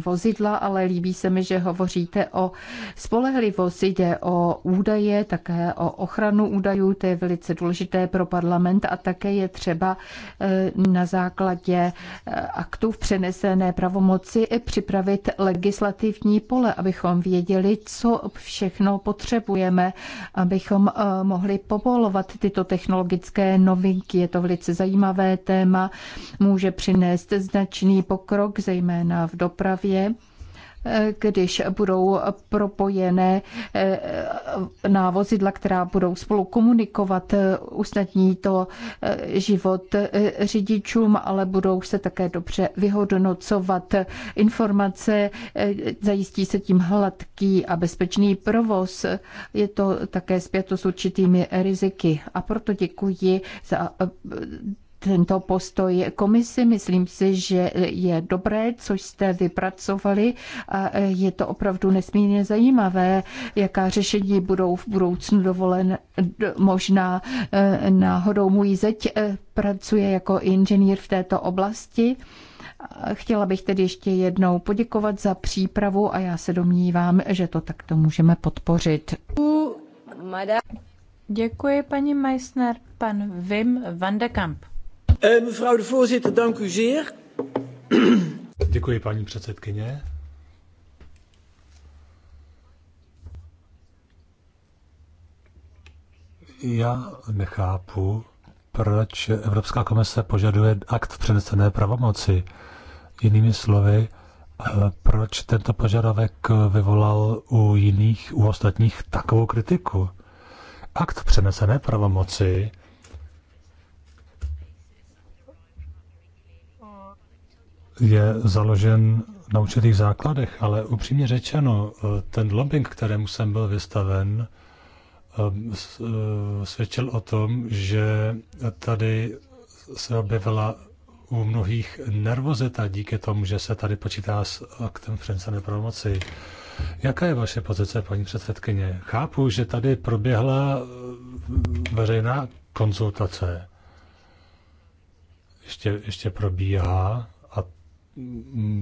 vozidla, ale líbí se mi, že hovoříte o spolehlivosti, jde o údaje, také o ochranu údajů, to je velice důležité pro parlament a také je třeba eh, na základě eh, aktů v přenesené pravomoci připravit legislativní pole, abychom věděli, co všechno potřebujeme, abychom eh, mohli povolovat tyto technologické novinky. Je to velice zajímavé téma, může přinést značný pokrok, zejména v dopravě Moravě, když budou propojené eh, na vozidla, která budou spolu komunikovat, eh, usnadní to eh, život řidičům, ale budou se také dobře vyhodnocovat informace, zajistí se tím hladký a bezpečný provoz. Je to také zpěto s určitými riziky a proto děkuji za tento postoj komisi. Myslím si, že je dobré, co jste vypracovali a je to opravdu nesmírně zajímavé, jaká řešení budou v budoucnu dovolen. Možná e, náhodou můj zeď e, pracuje jako inženýr v této oblasti. Chtěla bych tedy ještě jednou poděkovat za přípravu a já se domnívám, že to takto můžeme podpořit. Děkuji, paní Meissner. Pan Wim van de Kamp. Eh, mevrouw de voorzitter, dank u zeer. Děkuji, paní předsedkyně. Já nechápu, proč Evropská komise požaduje akt v přenesené pravomoci. Jinými slovy, eh, proč tento požadavek vyvolal u jiných, u ostatních takovou kritiku? Akt přenesené pravomoci je založen na určitých základech, ale upřímně řečeno, eh, ten lobbying, kterému jsem byl vystaven, eh, eh, svědčil o tom, že tady se objevila u mnohých nervozita díky tomu, že se tady počítá s aktem přenesené promoci. Jaká je vaše pozice, paní předsedkyně? Chápu, že tady proběhla veřejná konzultace. Ještě, ještě probíhá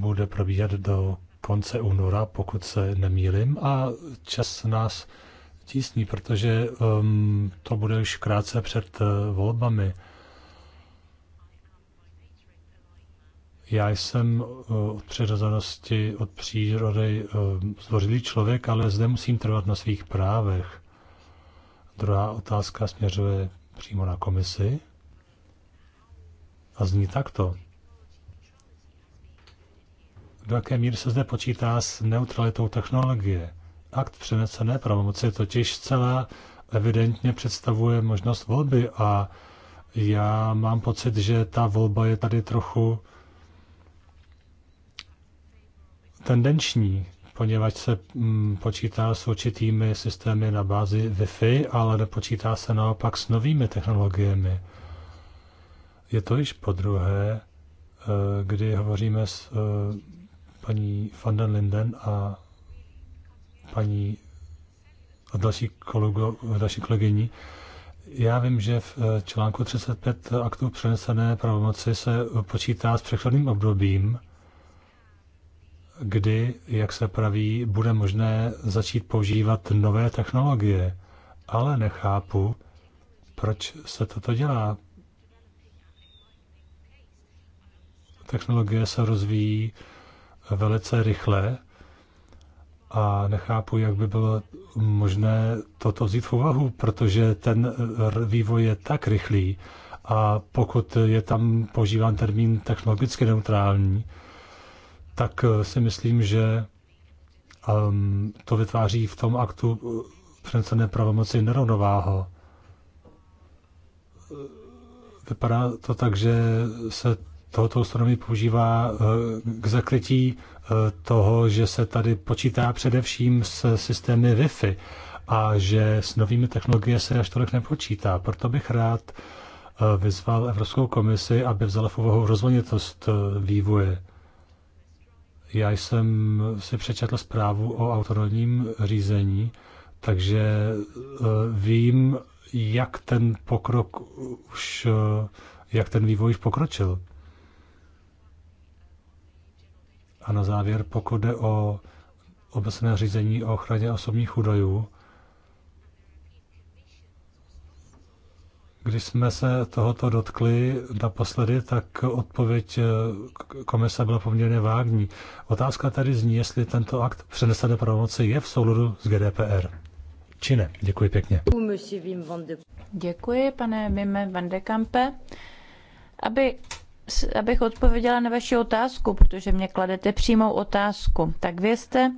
bude probíhat do konce února, pokud se nemýlim, a čas nás tísní, protože um, to bude už krátce před uh, volbami. Já jsem uh, od přirozenosti, od přírody uh, zdvořilý člověk, ale zde musím trvat na svých právech. Druhá otázka směřuje přímo na komisi a zní takto do jaké míry se zde počítá s neutralitou technologie. Akt přenesené pravomoci totiž celá evidentně představuje možnost volby a já mám pocit, že ta volba je tady trochu tendenční, poněvadž se mm, počítá s určitými systémy na bázi Wi-Fi, ale nepočítá se naopak s novými technologiemi. Je to již po druhé, eh, kdy hovoříme s eh, paní van der Linden a paní a další, kolego, další kolegyní. Já vím, že v eh, článku 35 aktu přenesené pravomoci se počítá s přechodným obdobím, kdy, jak se praví, bude možné začít používat nové technologie. Ale nechápu, proč se toto dělá. Technologie se rozvíjí velice rychle a nechápu, jak by bylo možné toto vzít v úvahu, protože ten vývoj je tak rychlý a pokud je tam používán termín technologicky neutrální, tak eh, si myslím, že um, to vytváří v tom aktu eh, přenesené pravomoci nerovnováho. Eh, vypadá to tak, že se tohoto ustanovení používá eh, k zakrytí eh, toho, že se tady počítá především s systémy Wi-Fi a že s novými technologie se až tolik nepočítá. Proto bych rád eh, vyzval Evropskou komisi, aby vzala v úvahu rozvolnitost vývoje. Já jsem si přečetl zprávu o autonomním řízení, takže vím, jak ten pokrok už, jak ten vývoj už pokročil. A na závěr, pokud jde o obecné řízení o ochraně osobních údajů, Když jsme se tohoto dotkli naposledy, tak odpověď eh, komise byla poměrně vágní. Otázka tady zní, jestli tento akt přenesené pravomoci je v souladu s GDPR. Či ne? Děkuji pěkně. Děkuji, pane Mime Vandekampe. Aby abych odpověděla na vaši otázku, protože mě kladete přímou otázku. Tak vězte,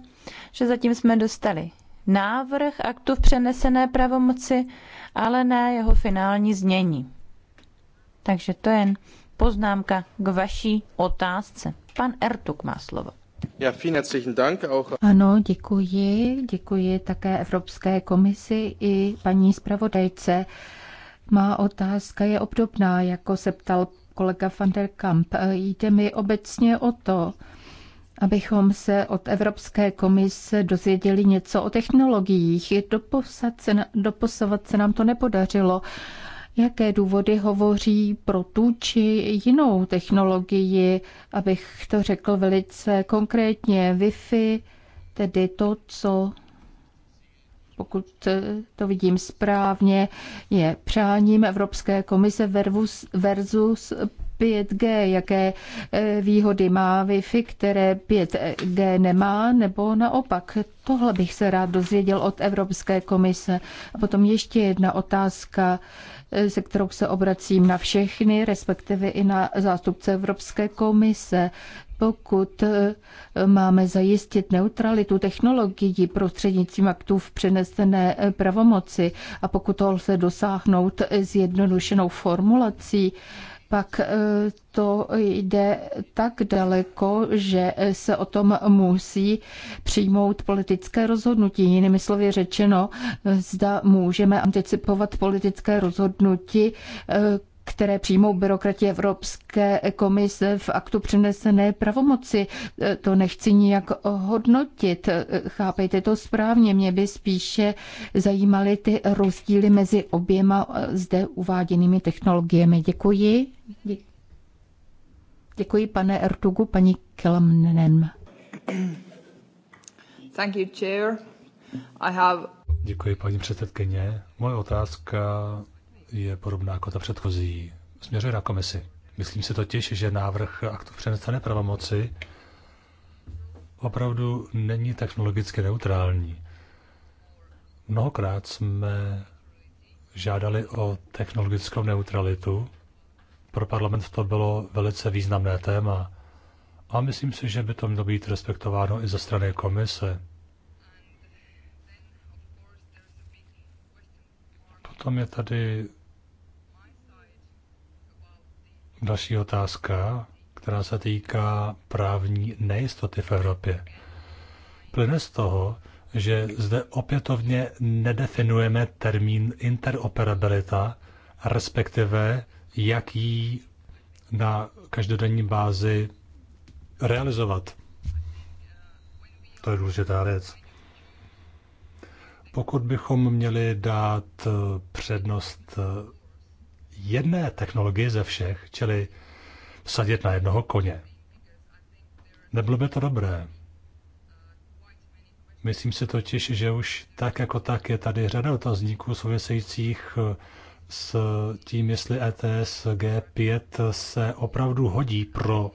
že zatím jsme dostali návrh aktu v přenesené pravomoci, ale ne jeho finální znění. Takže to je jen poznámka k vaší otázce. Pan Ertuk má slovo. Ano, děkuji. Děkuji také Evropské komisi i paní zpravodajce. Má otázka je obdobná, jako se ptal kolega van der Kamp. Jde mi obecně o to, abychom se od Evropské komise dozvěděli něco o technologiích. Doposovat se, doposovat se nám to nepodařilo. Jaké důvody hovoří pro tu či jinou technologii, abych to řekl velice konkrétně, Wi-Fi, tedy to, co pokud eh, to vidím správně, je přáním Evropské komise versus 5G, jaké eh, výhody má Wi-Fi, které 5G nemá, nebo naopak. Tohle bych se rád dozvěděl od Evropské komise. A potom ještě jedna otázka, eh, se kterou se obracím na všechny, respektive i na zástupce Evropské komise. Pokud e, máme zajistit neutralitu technologií prostřednictvím aktů v přenesené e, pravomoci a pokud to lze dosáhnout e, zjednodušenou formulací, pak to jde tak daleko, že se o tom musí přijmout politické rozhodnutí. Jinými slovy řečeno, zda můžeme anticipovat politické rozhodnutí které přijmou byrokrati Evropské komise v aktu přenesené pravomoci. E, to nechci nijak hodnotit. E, chápejte to správně. Mě by spíše zajímaly ty rozdíly mezi oběma e, zde uváděnými technologiemi. Děkuji. Děkuji, pane Ertugu, paní Kelamnenem. Thank you, chair. I have... Děkuji, paní předsedkyně. Moje otázka je podobná jako ta předchozí. Směřuje na komisi. Myslím si totiž, že návrh aktu přenesené pravomoci opravdu není technologicky neutrální. Mnohokrát jsme žádali o technologickou neutralitu. Pro parlament to bylo velice významné téma a myslím si, že by to mělo být respektováno i ze strany komise. Potom je tady Další otázka, která se týká právní nejistoty v Evropě. Plyne z toho, že zde opětovně nedefinujeme termín interoperabilita, respektive jak ji na každodenní bázi realizovat. To je důležitá věc. Pokud bychom měli dát eh, přednost eh, jedné technologii ze všech, čili sadit na jednoho koně. Nebylo by to dobré. Myslím si totiž, že už tak jako tak je tady řada otazníků souvisejících eh, s tím, jestli ETS G5 se opravdu hodí pro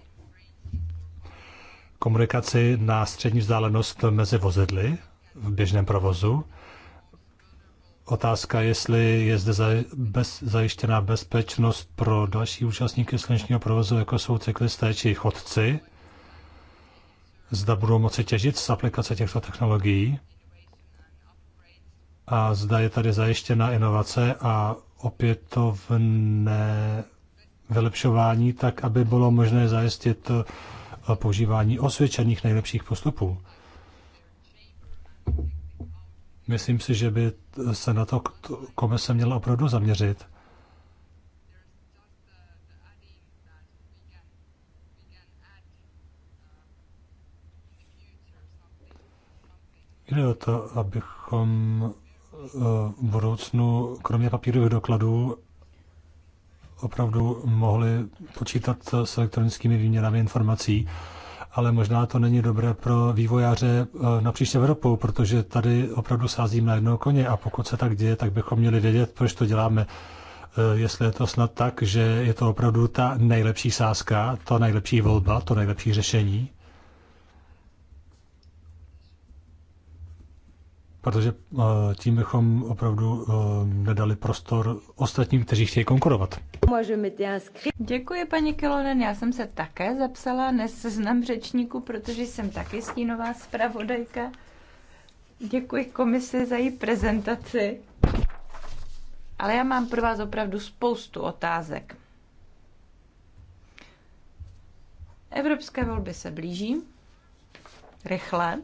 komunikaci na střední vzdálenost mezi vozidly v běžném provozu Otázka, jestli je zde bez, zajištěná bezpečnost pro další účastníky slunečního provozu, jako jsou cyklisté či chodci, zda budou moci těžit z aplikace těchto technologií a zda je tady zajištěna inovace a opětovné vylepšování, tak aby bylo možné zajistit eh, používání osvědčených nejlepších postupů. Myslím si, že by se na to komise měla opravdu zaměřit. Jde o to, abychom eh, v budoucnu, kromě papírových dokladů, opravdu mohli počítat s elektronickými výměnami informací ale možná to není dobré pro vývojáře eh, napříč Evropou, protože tady opravdu sázím na jedno koně a pokud se tak děje, tak bychom měli vědět, proč to děláme. Eh, jestli je to snad tak, že je to opravdu ta nejlepší sázka, ta nejlepší volba, to nejlepší řešení. protože eh, tím bychom opravdu eh, nedali prostor ostatním, kteří chtějí konkurovat. Děkuji, paní Kilonen. Já jsem se také zapsala na seznam řečníků, protože jsem taky stínová zpravodajka. Děkuji komisi za její prezentaci. Ale já mám pro vás opravdu spoustu otázek. Evropské volby se blíží rychle.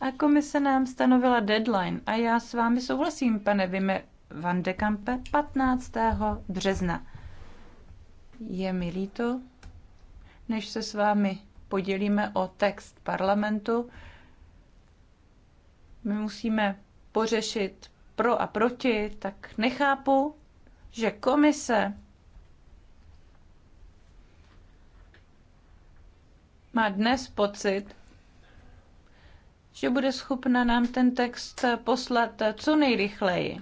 A komise nám stanovila deadline a já s vámi souhlasím, pane Vime Van de Kampe, 15. března. Je mi líto, než se s vámi podělíme o text parlamentu. My musíme pořešit pro a proti, tak nechápu, že komise má dnes pocit, že bude schopna nám ten text poslat co nejrychleji,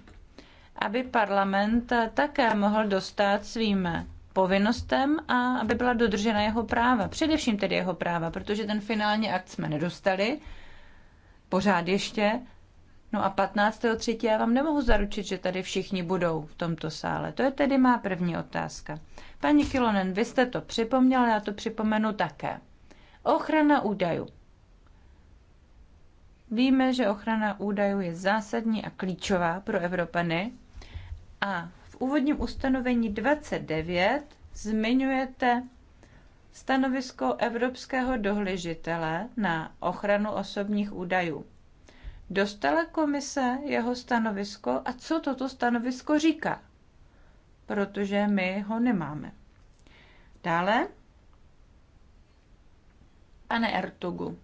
aby parlament také mohl dostat svým povinnostem a aby byla dodržena jeho práva, především tedy jeho práva, protože ten finální akt jsme nedostali, pořád ještě. No a 15. třetí já vám nemohu zaručit, že tady všichni budou v tomto sále. To je tedy má první otázka. Paní Kilonen, vy jste to připomněla, já to připomenu také. Ochrana údajů. Víme, že ochrana údajů je zásadní a klíčová pro Evropany a v úvodním ustanovení 29 zmiňujete stanovisko evropského dohležitele na ochranu osobních údajů. Dostala komise jeho stanovisko a co toto stanovisko říká? Protože my ho nemáme. Dále, pane Ertugu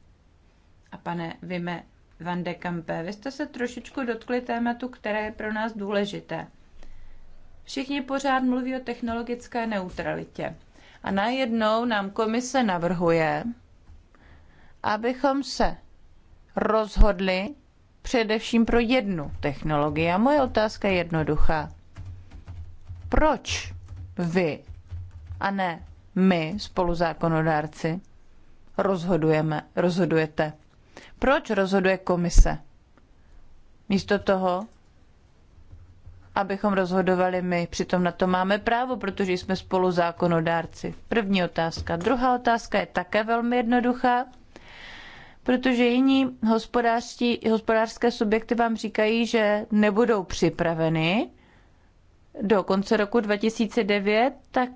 a pane Vime Van de Kampe. Vy jste se trošičku dotkli tématu, které je pro nás důležité. Všichni pořád mluví o technologické neutralitě. A najednou nám komise navrhuje, abychom se rozhodli především pro jednu technologii. A moje otázka je jednoduchá. Proč vy a ne my, spoluzákonodárci, rozhodujeme, rozhodujete proč rozhoduje komise? Místo toho, abychom rozhodovali my. Přitom na to máme právo, protože jsme spolu zákonodárci. První otázka. Druhá otázka je také velmi jednoduchá, protože jiní hospodářské subjekty vám říkají, že nebudou připraveny do konce roku 2009, tak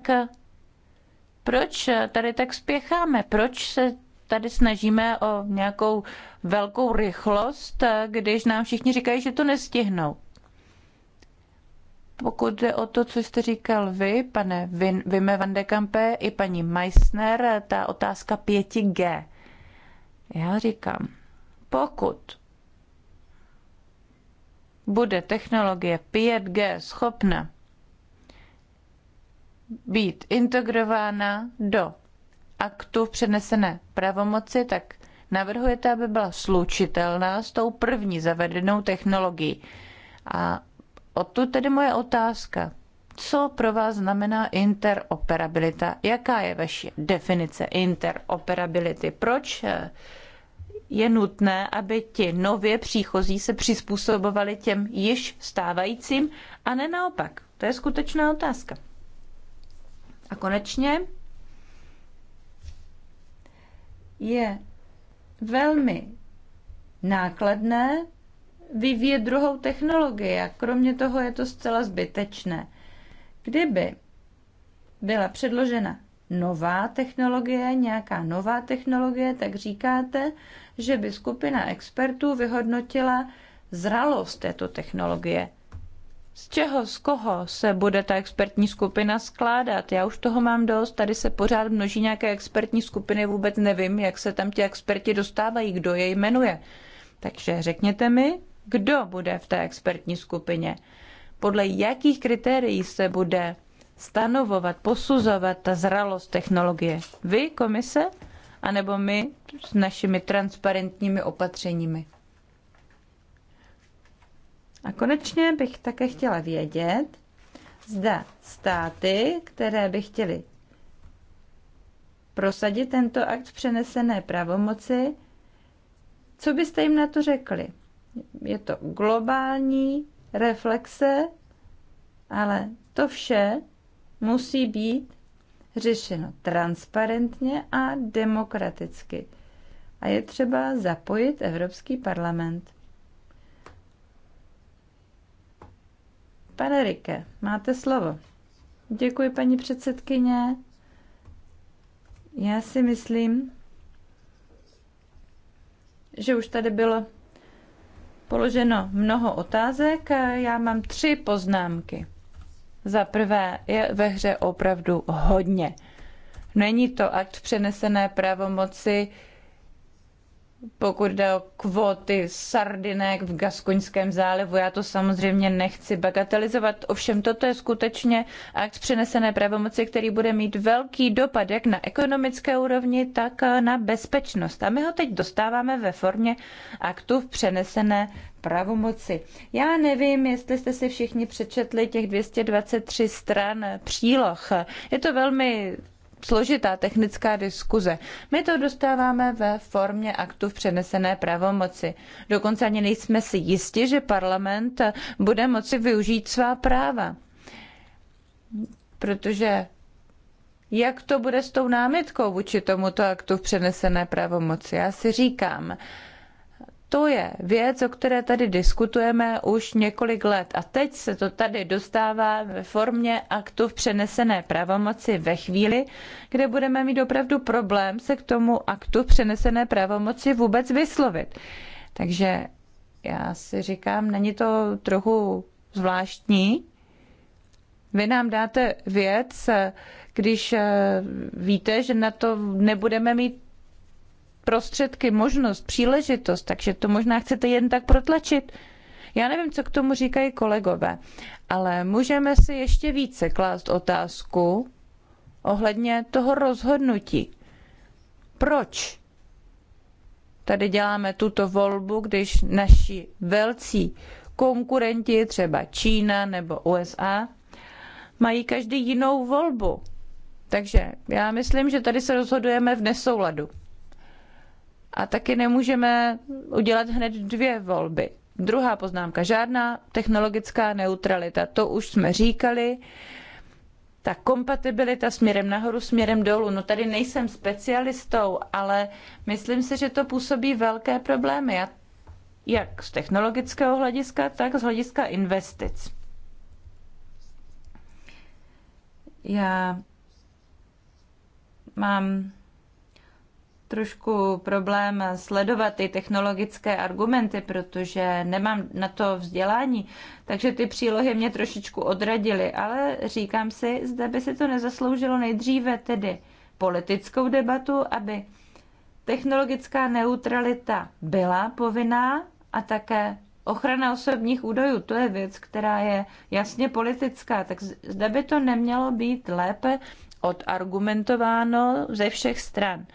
proč tady tak spěcháme? Proč se tady snažíme o nějakou velkou rychlost, eh, když nám všichni říkají, že to nestihnou. Pokud jde o to, co jste říkal vy, pane Vime van de Kampe, i paní Meissner, eh, ta otázka 5G. Já říkám, pokud bude technologie 5G schopna být integrována do aktu v přenesené pravomoci, tak navrhujete, aby byla slučitelná s tou první zavedenou technologií. A odtud tedy moje otázka. Co pro vás znamená interoperabilita? Jaká je vaše definice interoperability? Proč eh, je nutné, aby ti nově příchozí se přizpůsobovali těm již stávajícím a ne naopak? To je skutečná otázka. A konečně je velmi nákladné vyvíjet druhou technologii a kromě toho je to zcela zbytečné. Kdyby byla předložena nová technologie, nějaká nová technologie, tak říkáte, že by skupina expertů vyhodnotila zralost této technologie z čeho, z koho se bude ta expertní skupina skládat. Já už toho mám dost, tady se pořád množí nějaké expertní skupiny, vůbec nevím, jak se tam ti experti dostávají, kdo je jmenuje. Takže řekněte mi, kdo bude v té expertní skupině, podle jakých kritérií se bude stanovovat, posuzovat ta zralost technologie. Vy, komise, anebo my s našimi transparentními opatřeními. A konečně bych také chtěla vědět, zda státy, které by chtěly prosadit tento akt přenesené pravomoci, co byste jim na to řekli? Je to globální reflexe, ale to vše musí být řešeno transparentně a demokraticky. A je třeba zapojit Evropský parlament. Pane Rike, máte slovo. Děkuji, paní předsedkyně. Já si myslím, že už tady bylo položeno mnoho otázek. Já mám tři poznámky. Za prvé, je ve hře opravdu hodně. Není to akt přenesené pravomoci, pokud jde o kvóty sardinek v Gaskoňském zálivu. Já to samozřejmě nechci bagatelizovat, ovšem toto je skutečně akt přenesené pravomoci, který bude mít velký dopad jak na ekonomické úrovni, tak na bezpečnost. A my ho teď dostáváme ve formě aktu v přenesené pravomoci. Já nevím, jestli jste si všichni přečetli těch 223 stran příloh. Je to velmi složitá technická diskuze. My to dostáváme ve formě aktu v přenesené pravomoci. Dokonce ani nejsme si jisti, že parlament bude moci využít svá práva. Protože jak to bude s tou námitkou vůči tomuto aktu v přenesené pravomoci? Já si říkám, to je věc, o které tady diskutujeme už několik let a teď se to tady dostává ve formě aktu v přenesené pravomoci ve chvíli, kde budeme mít opravdu problém se k tomu aktu v přenesené pravomoci vůbec vyslovit. Takže já si říkám, není to trochu zvláštní? Vy nám dáte věc, když eh, víte, že na to nebudeme mít prostředky, možnost, příležitost, takže to možná chcete jen tak protlačit. Já nevím, co k tomu říkají kolegové, ale můžeme si ještě více klást otázku ohledně toho rozhodnutí. Proč tady děláme tuto volbu, když naši velcí konkurenti, třeba Čína nebo USA, mají každý jinou volbu. Takže já myslím, že tady se rozhodujeme v nesouladu. A taky nemůžeme udělat hned dvě volby. Druhá poznámka, žádná technologická neutralita, to už jsme říkali. Ta kompatibilita směrem nahoru, směrem dolů, no tady nejsem specialistou, ale myslím si, že to působí velké problémy, Já, jak z technologického hlediska, tak z hlediska investic. Já mám trošku problém sledovat ty technologické argumenty, protože nemám na to vzdělání, takže ty přílohy mě trošičku odradily, ale říkám si, zda by si to nezasloužilo nejdříve tedy politickou debatu, aby technologická neutralita byla povinná a také ochrana osobních údajů, to je věc, která je jasně politická, tak zda by to nemělo být lépe odargumentováno ze všech stran.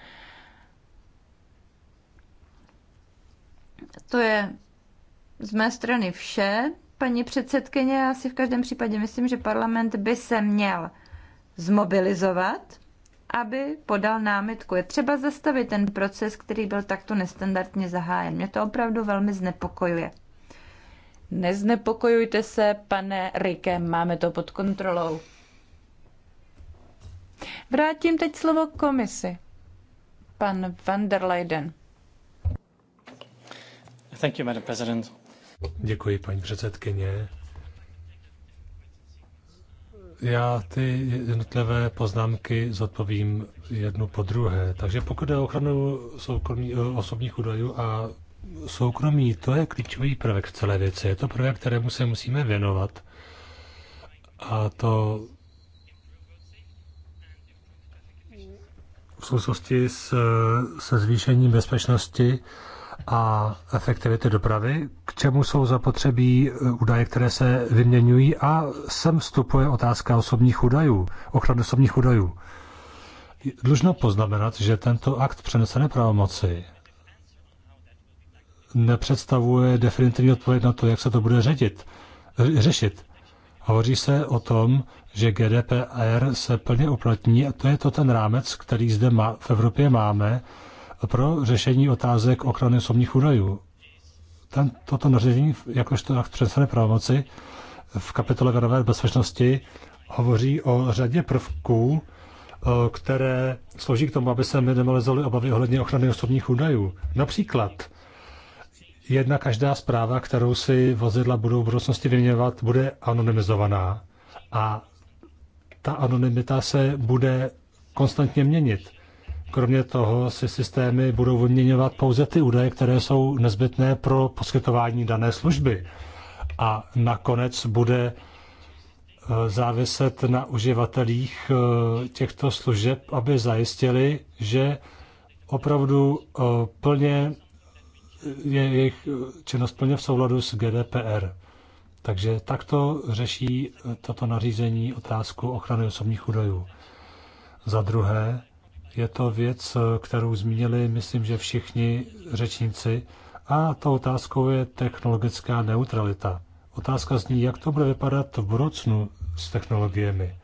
To je z mé strany vše. Paní předsedkyně, já si v každém případě myslím, že parlament by se měl zmobilizovat, aby podal námitku. Je třeba zastavit ten proces, který byl takto nestandardně zahájen. Mě to opravdu velmi znepokojuje. Neznepokojujte se, pane Rike, máme to pod kontrolou. Vrátím teď slovo komisi. Pan van der Leyden. Thank you, Madam President. Děkuji, paní předsedkyně. Já ty jednotlivé poznámky zodpovím jednu po druhé. Takže pokud je o ochranu soukromí, eh, osobních údajů a soukromí, to je klíčový prvek v celé věci. Je to prvek, kterému se musíme věnovat. A to v souvislosti s, se zvýšením bezpečnosti a efektivity dopravy, k čemu jsou zapotřebí eh, údaje, které se vyměňují a sem vstupuje otázka osobních údajů, ochrany osobních údajů. Dlužno poznamenat, že tento akt přenesené pravomoci nepředstavuje definitivní odpověď na to, jak se to bude ředit, eh, řešit. Hovoří se o tom, že GDPR se plně uplatní a to je to ten rámec, který zde má, v Evropě máme, pro řešení otázek ochrany osobních údajů. Ten, toto nařízení, jakožto akt přenesené pravomoci v kapitole verové bezpečnosti, hovoří o řadě prvků, které slouží k tomu, aby se minimalizovaly obavy ohledně ochrany osobních údajů. Například jedna každá zpráva, kterou si vozidla budou v budoucnosti vyměňovat, bude anonymizovaná a ta anonymita se bude konstantně měnit. Kromě toho si systémy budou vyměňovat pouze ty údaje, které jsou nezbytné pro poskytování dané služby. A nakonec bude eh, záviset na uživatelích eh, těchto služeb, aby zajistili, že opravdu eh, plně je jejich činnost plně v souladu s GDPR. Takže takto řeší toto nařízení otázku ochrany osobních údajů. Za druhé, je to věc, kterou zmínili, myslím, že všichni řečníci. A ta otázkou je technologická neutralita. Otázka zní, jak to bude vypadat v budoucnu s technologiemi.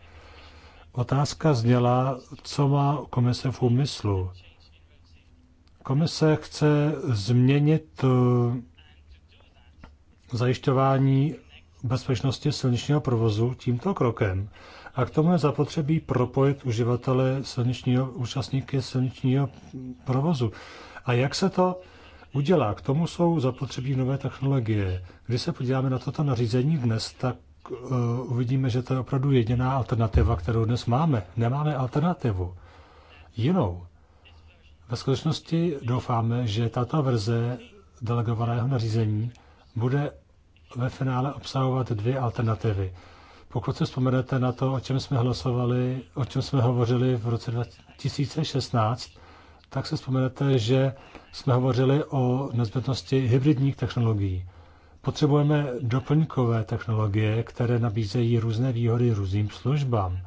Otázka zněla, co má komise v úmyslu. Komise chce změnit eh, zajišťování bezpečnosti silničního provozu tímto krokem. A k tomu je zapotřebí propojit uživatele silničního, účastníky silničního provozu. A jak se to udělá? K tomu jsou zapotřebí nové technologie. Když se podíváme na toto nařízení dnes, tak eh, uvidíme, že to je opravdu jediná alternativa, kterou dnes máme. Nemáme alternativu jinou. Ve skutečnosti doufáme, že tato verze delegovaného nařízení bude ve finále obsahovat dvě alternativy. Pokud se vzpomenete na to, o čem jsme hlasovali, o čem jsme hovořili v roce 2016, tak se vzpomenete, že jsme hovořili o nezbytnosti hybridních technologií. Potřebujeme doplňkové technologie, které nabízejí různé výhody různým službám.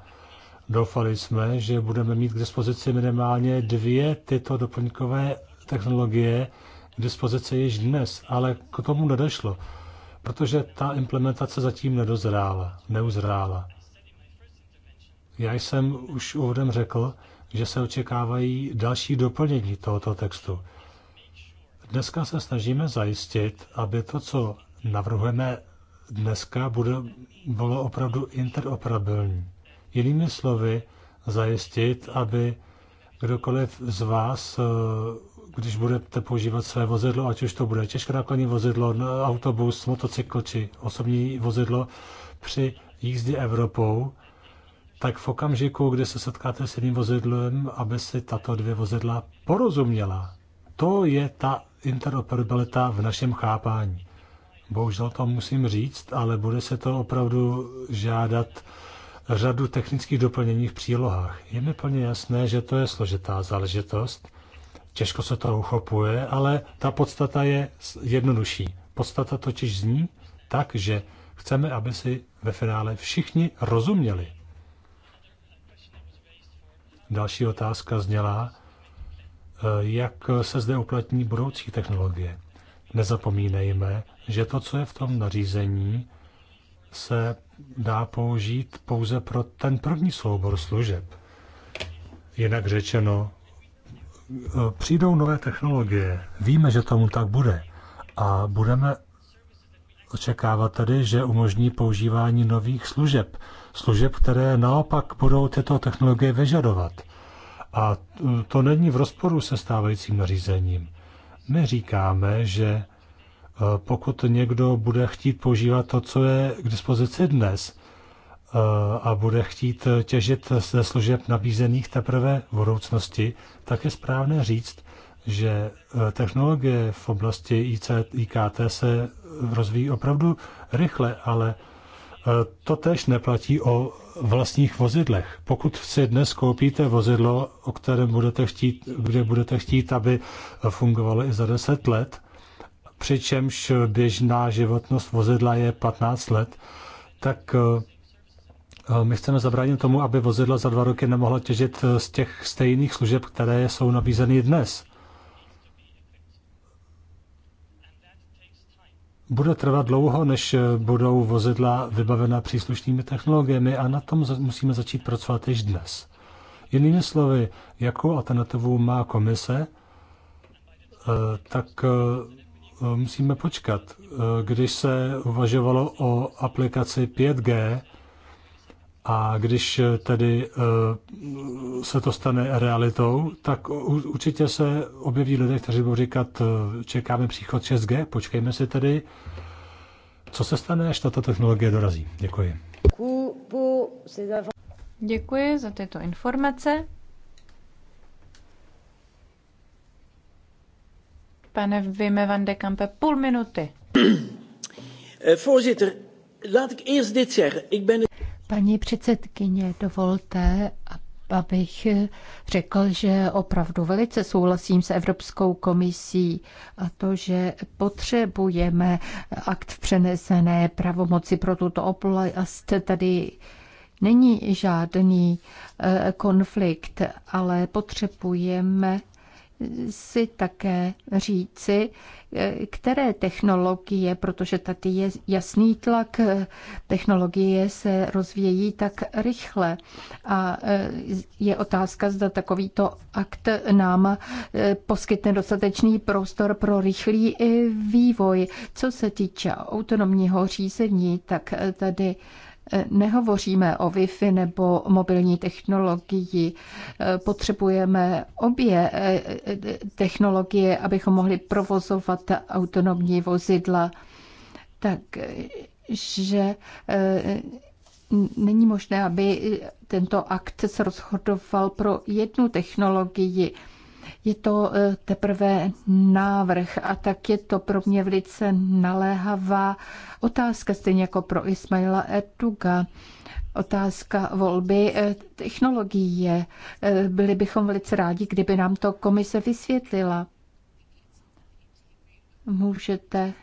Doufali jsme, že budeme mít k dispozici minimálně dvě tyto doplňkové technologie k dispozici již dnes, ale k tomu nedošlo protože ta implementace zatím nedozrála, neuzrála. Já jsem už úvodem řekl, že se očekávají další doplnění tohoto textu. Dneska se snažíme zajistit, aby to, co navrhujeme dneska, bude, bylo opravdu interoperabilní. Jinými slovy, zajistit, aby kdokoliv z vás eh, když budete používat své vozidlo, ať už to bude těžké nákladní vozidlo, autobus, motocykl či osobní vozidlo, při jízdě Evropou, tak v okamžiku, kdy se setkáte s jedním vozidlem, aby si tato dvě vozidla porozuměla. To je ta interoperabilita v našem chápání. Bohužel to musím říct, ale bude se to opravdu žádat řadu technických doplnění v přílohách. Je mi plně jasné, že to je složitá záležitost, Těžko se to uchopuje, ale ta podstata je jednodušší. Podstata totiž zní tak, že chceme, aby si ve finále všichni rozuměli. Další otázka zněla, eh, jak se zde uplatní budoucí technologie. Nezapomínejme, že to, co je v tom nařízení, se dá použít pouze pro ten první soubor služeb. Jinak řečeno, Eh, přijdou nové technologie, víme, že tomu tak bude a budeme očekávat tedy, že umožní používání nových služeb. Služeb, které naopak budou tyto technologie vyžadovat. A to není v rozporu se stávajícím nařízením. My říkáme, že eh, pokud někdo bude chtít používat to, co je k dispozici dnes, Eh, a bude chtít těžit ze služeb nabízených teprve v budoucnosti, tak je správné říct, že eh, technologie v oblasti IKT se rozvíjí opravdu rychle, ale eh, to tež neplatí o vlastních vozidlech. Pokud si dnes koupíte vozidlo, o kterém budete chtít, kde budete chtít, aby fungovalo i za 10 let, přičemž běžná životnost vozidla je 15 let, tak my chceme zabránit tomu, aby vozidla za dva roky nemohla těžit eh, z těch stejných služeb, které jsou nabízeny dnes. Bude trvat dlouho, než eh, budou vozidla vybavena příslušnými technologiemi a na tom musíme začít pracovat již dnes. Jinými slovy, jakou alternativu má komise, eh, tak musíme počkat. Když se uvažovalo o aplikaci 5G, a když tedy eh, se to stane realitou, tak určitě se objeví lidé, kteří budou říkat, eh, čekáme příchod 6G, počkejme si tedy, co se stane, až tato technologie dorazí. Děkuji. Děkuji za tyto informace. Pane Vime van de Kampe, půl minuty. Eh, voorzitter, laat ik eerst dit zeggen. Ik ben... Paní předsedkyně, dovolte, abych řekl, že opravdu velice souhlasím s Evropskou komisí a to, že potřebujeme akt v přenesené pravomoci pro tuto oblast. Tady není žádný eh, konflikt, ale potřebujeme si také říci, eh, které technologie, protože tady je jasný tlak, eh, technologie se rozvíjí tak rychle a eh, je otázka, zda takovýto akt nám poskytne dostatečný prostor pro rychlý vývoj. Co se týče autonomního řízení, tak tady Eh, nehovoříme o Wi-Fi nebo mobilní technologii. Eh, potřebujeme obě eh, technologie, abychom mohli provozovat autonomní vozidla. Takže není možné, aby tento akt se rozhodoval pro jednu technologii je to e, teprve návrh a tak je to pro mě velice naléhavá otázka, stejně jako pro Ismaila Ertuga. Otázka volby e, technologie. E, byli bychom velice rádi, kdyby nám to komise vysvětlila. Můžete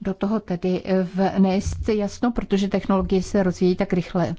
do toho tedy vnést jasno, protože technologie se rozvíjí tak rychle.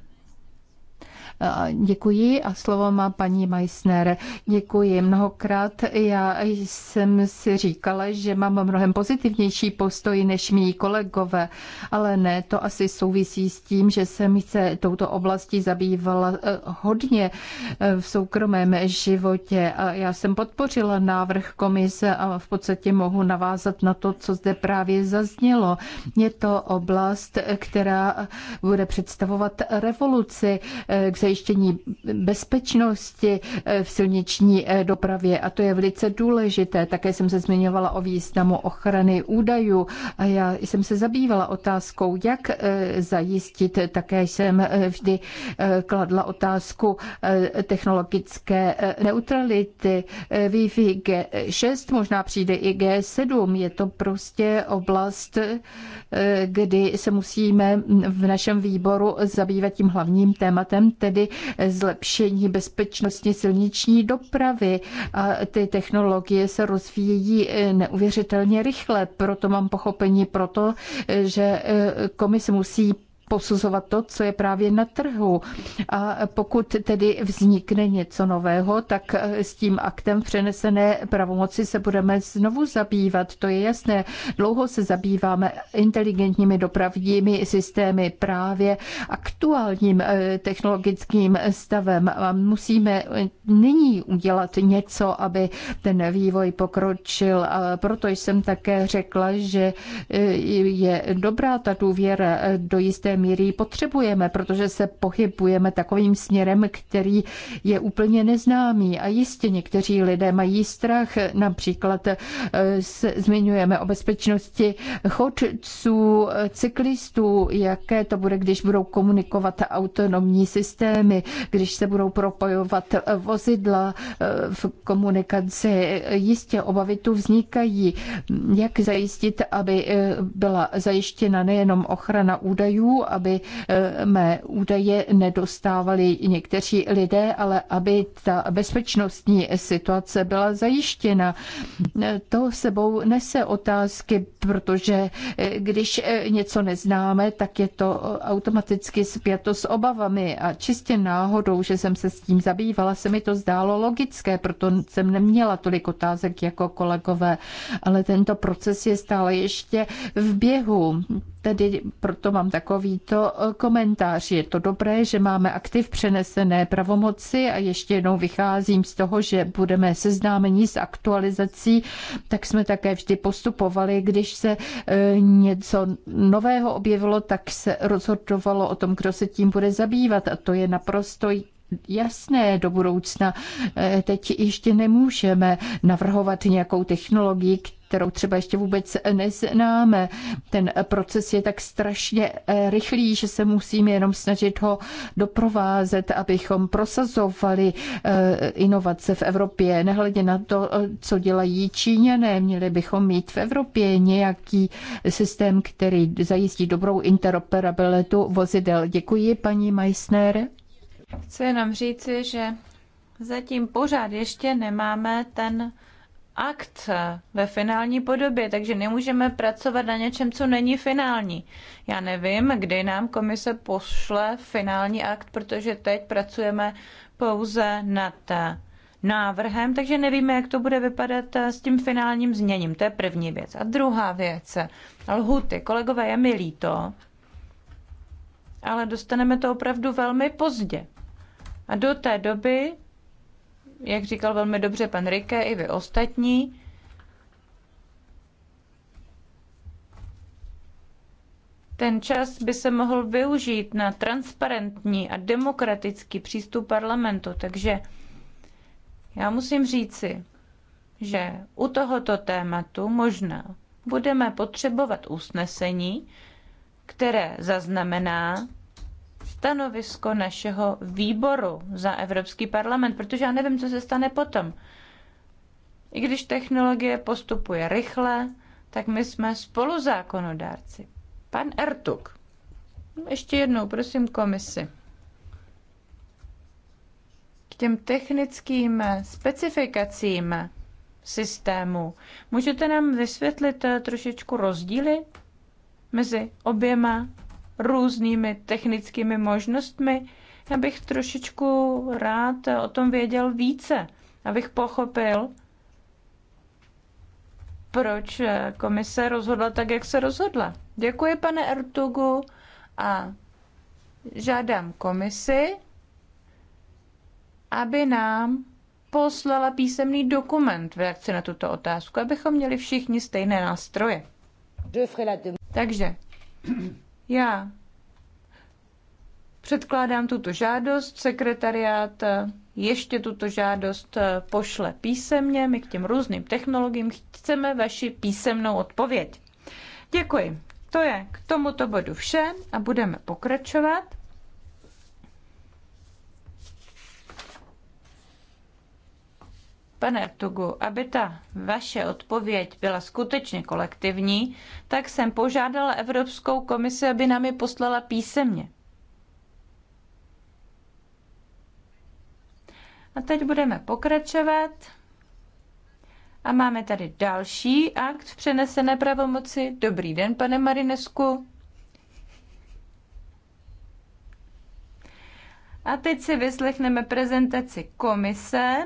Děkuji a slovo má paní Meissner. Děkuji mnohokrát. Já jsem si říkala, že mám mnohem pozitivnější postoj než mý kolegové, ale ne, to asi souvisí s tím, že jsem se touto oblastí zabývala eh, hodně eh, v soukromém životě já jsem podpořila návrh komise a v podstatě mohu navázat na to, co zde právě zaznělo. Je to oblast, která bude představovat revoluci eh, zajištění bezpečnosti eh, v silniční eh, dopravě a to je velice důležité. Také jsem se zmiňovala o významu ochrany údajů a já jsem se zabývala otázkou, jak eh, zajistit, také jsem vždy kladla otázku technologické neutrality. Wi-Fi G6 možná přijde i G7, je to prostě oblast, kdy se musíme v našem výboru zabývat tím hlavním tématem, tedy tedy zlepšení bezpečnosti silniční dopravy. A ty technologie se rozvíjí eh, neuvěřitelně rychle, proto mám pochopení proto, eh, že eh, komise musí posuzovat to, co je právě na trhu. A pokud tedy vznikne něco nového, tak eh, s tím aktem přenesené pravomoci se budeme znovu zabývat. To je jasné. Dlouho se zabýváme inteligentními dopravními systémy právě aktuálním eh, technologickým stavem. A musíme eh, nyní udělat něco, aby ten vývoj pokročil. A proto jsem také řekla, že je dobrá ta důvěra do jisté míry ji potřebujeme, protože se pohybujeme takovým směrem, který je úplně neznámý. A jistě někteří lidé mají strach, například eh, se zmiňujeme o bezpečnosti chodců, eh, cyklistů, jaké to bude, když budou komunikovat autonomní systémy, když se budou propojovat eh, vozidla v komunikaci. Jistě obavy tu vznikají. Jak zajistit, aby byla zajištěna nejenom ochrana údajů, aby eh, mé údaje nedostávali někteří lidé, ale aby ta bezpečnostní situace byla zajištěna. Eh, to sebou nese otázky, protože eh, když něco neznáme, tak je to automaticky spjato s obavami a čistě náhodou, že jsem se s tím zabývala, se mi to zdálo logické, proto jsem neměla tolik otázek jako kolegové, ale tento proces je stále ještě v běhu. Tedy proto mám takovýto eh, komentář. Je to dobré, že máme aktiv přenesené pravomoci a ještě jednou vycházím z toho, že budeme seznámeni s aktualizací, tak jsme také vždy postupovali. Když se eh, něco nového objevilo, tak se rozhodovalo o tom, kdo se tím bude zabývat a to je naprosto jasné do budoucna. Eh, teď ještě nemůžeme navrhovat nějakou technologii, kterou třeba ještě vůbec neznáme. Ten proces je tak strašně eh, rychlý, že se musíme jenom snažit ho doprovázet, abychom prosazovali eh, inovace v Evropě. Nehledě na to, co dělají Číňané, měli bychom mít v Evropě nějaký systém, který zajistí dobrou interoperabilitu vozidel. Děkuji, paní Meissner. Chci jenom říci, že zatím pořád ještě nemáme ten akt ve finální podobě, takže nemůžeme pracovat na něčem, co není finální. Já nevím, kdy nám komise pošle finální akt, protože teď pracujeme pouze nad návrhem, takže nevíme, jak to bude vypadat s tím finálním změním. To je první věc. A druhá věc, lhuty. Kolegové, je mi líto, ale dostaneme to opravdu velmi pozdě. A do té doby, jak říkal velmi dobře pan Rike i vy ostatní, ten čas by se mohl využít na transparentní a demokratický přístup parlamentu. Takže já musím říci, že u tohoto tématu možná budeme potřebovat usnesení, které zaznamená stanovisko našeho výboru za Evropský parlament, protože já nevím, co se stane potom. I když technologie postupuje rychle, tak my jsme spoluzákonodárci. Pan Ertuk. Ještě jednou, prosím, komisi. K těm technickým specifikacím systému. Můžete nám vysvětlit trošičku rozdíly mezi oběma různými technickými možnostmi. Já bych trošičku rád o tom věděl více, abych pochopil, proč komise rozhodla tak, jak se rozhodla. Děkuji, pane Ertugu, a žádám komisi, aby nám poslala písemný dokument v reakci na tuto otázku, abychom měli všichni stejné nástroje. Takže já předkládám tuto žádost, sekretariát ještě tuto žádost pošle písemně, my k těm různým technologiím chceme vaši písemnou odpověď. Děkuji. To je k tomuto bodu vše a budeme pokračovat. Pane Ertugu, aby ta vaše odpověď byla skutečně kolektivní, tak jsem požádala Evropskou komisi, aby nám ji poslala písemně. A teď budeme pokračovat. A máme tady další akt v přenesené pravomoci. Dobrý den, pane Marinesku. A teď si vyslechneme prezentaci komise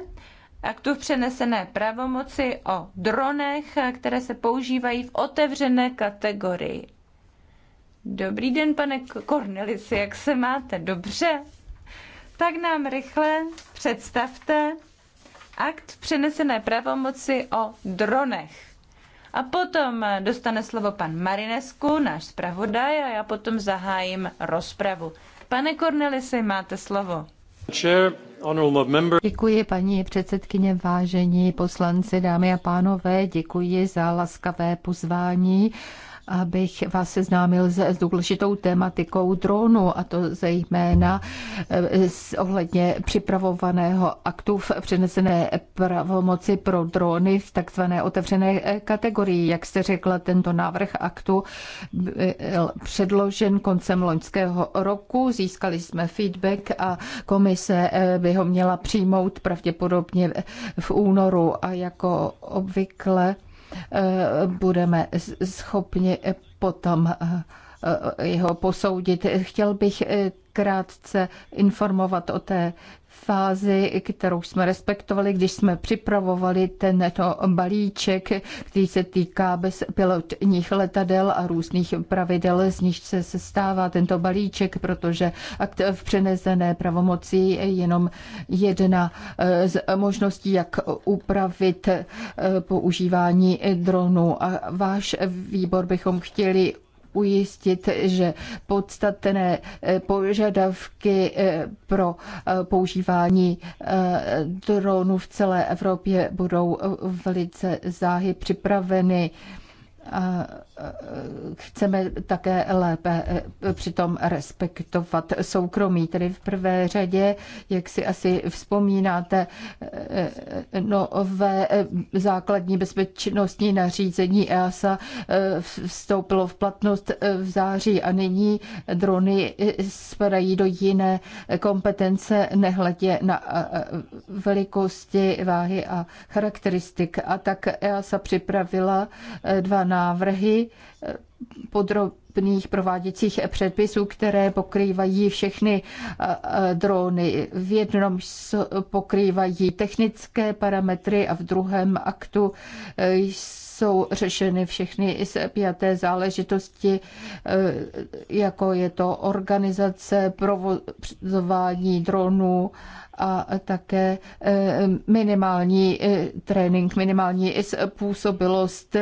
aktu v přenesené pravomoci o dronech, které se používají v otevřené kategorii. Dobrý den, pane Cornelisi, jak se máte? Dobře? Tak nám rychle představte akt v přenesené pravomoci o dronech. A potom dostane slovo pan Marinesku, náš zpravodaj, a já potom zahájím rozpravu. Pane Kornelisi, máte slovo. Děkuji, paní předsedkyně, vážení poslanci, dámy a pánové, děkuji za laskavé pozvání abych vás seznámil s důležitou tématikou dronu, a to zejména eh, ohledně připravovaného aktu v přenesené pravomoci pro drony v takzvané otevřené eh, kategorii. Jak jste řekla, tento návrh aktu byl předložen koncem loňského roku, získali jsme feedback a komise eh, by ho měla přijmout pravděpodobně v únoru a jako obvykle Eh, budeme schopni potom eh, eh, jeho posoudit. Chtěl bych krátce informovat o té fázi, kterou jsme respektovali, když jsme připravovali tento balíček, který se týká bezpilotních letadel a různých pravidel, z nich se sestává tento balíček, protože akt v přenesené pravomoci je jenom jedna eh, z možností, jak upravit eh, používání dronu. A váš výbor bychom chtěli ujistit, že podstatné eh, požadavky eh, pro eh, používání dronů v celé Evropě budou velice záhy připraveny chceme také lépe eh, přitom respektovat soukromí. Tedy v prvé řadě, jak si asi vzpomínáte, eh, nové eh, základní bezpečnostní nařízení EASA vstoupilo v platnost v září a nyní drony spadají do jiné kompetence, nehledě na velikosti, váhy a charakteristik. A tak EASA připravila dva návrhy Eh, podrobně dostupných prováděcích předpisů, které pokrývají všechny eh, eh, drony. V jednom pokrývají technické parametry a v druhém aktu eh, jsou řešeny všechny sepjaté záležitosti, jako je to organizace, provozování dronů a také minimální trénink, minimální způsobilost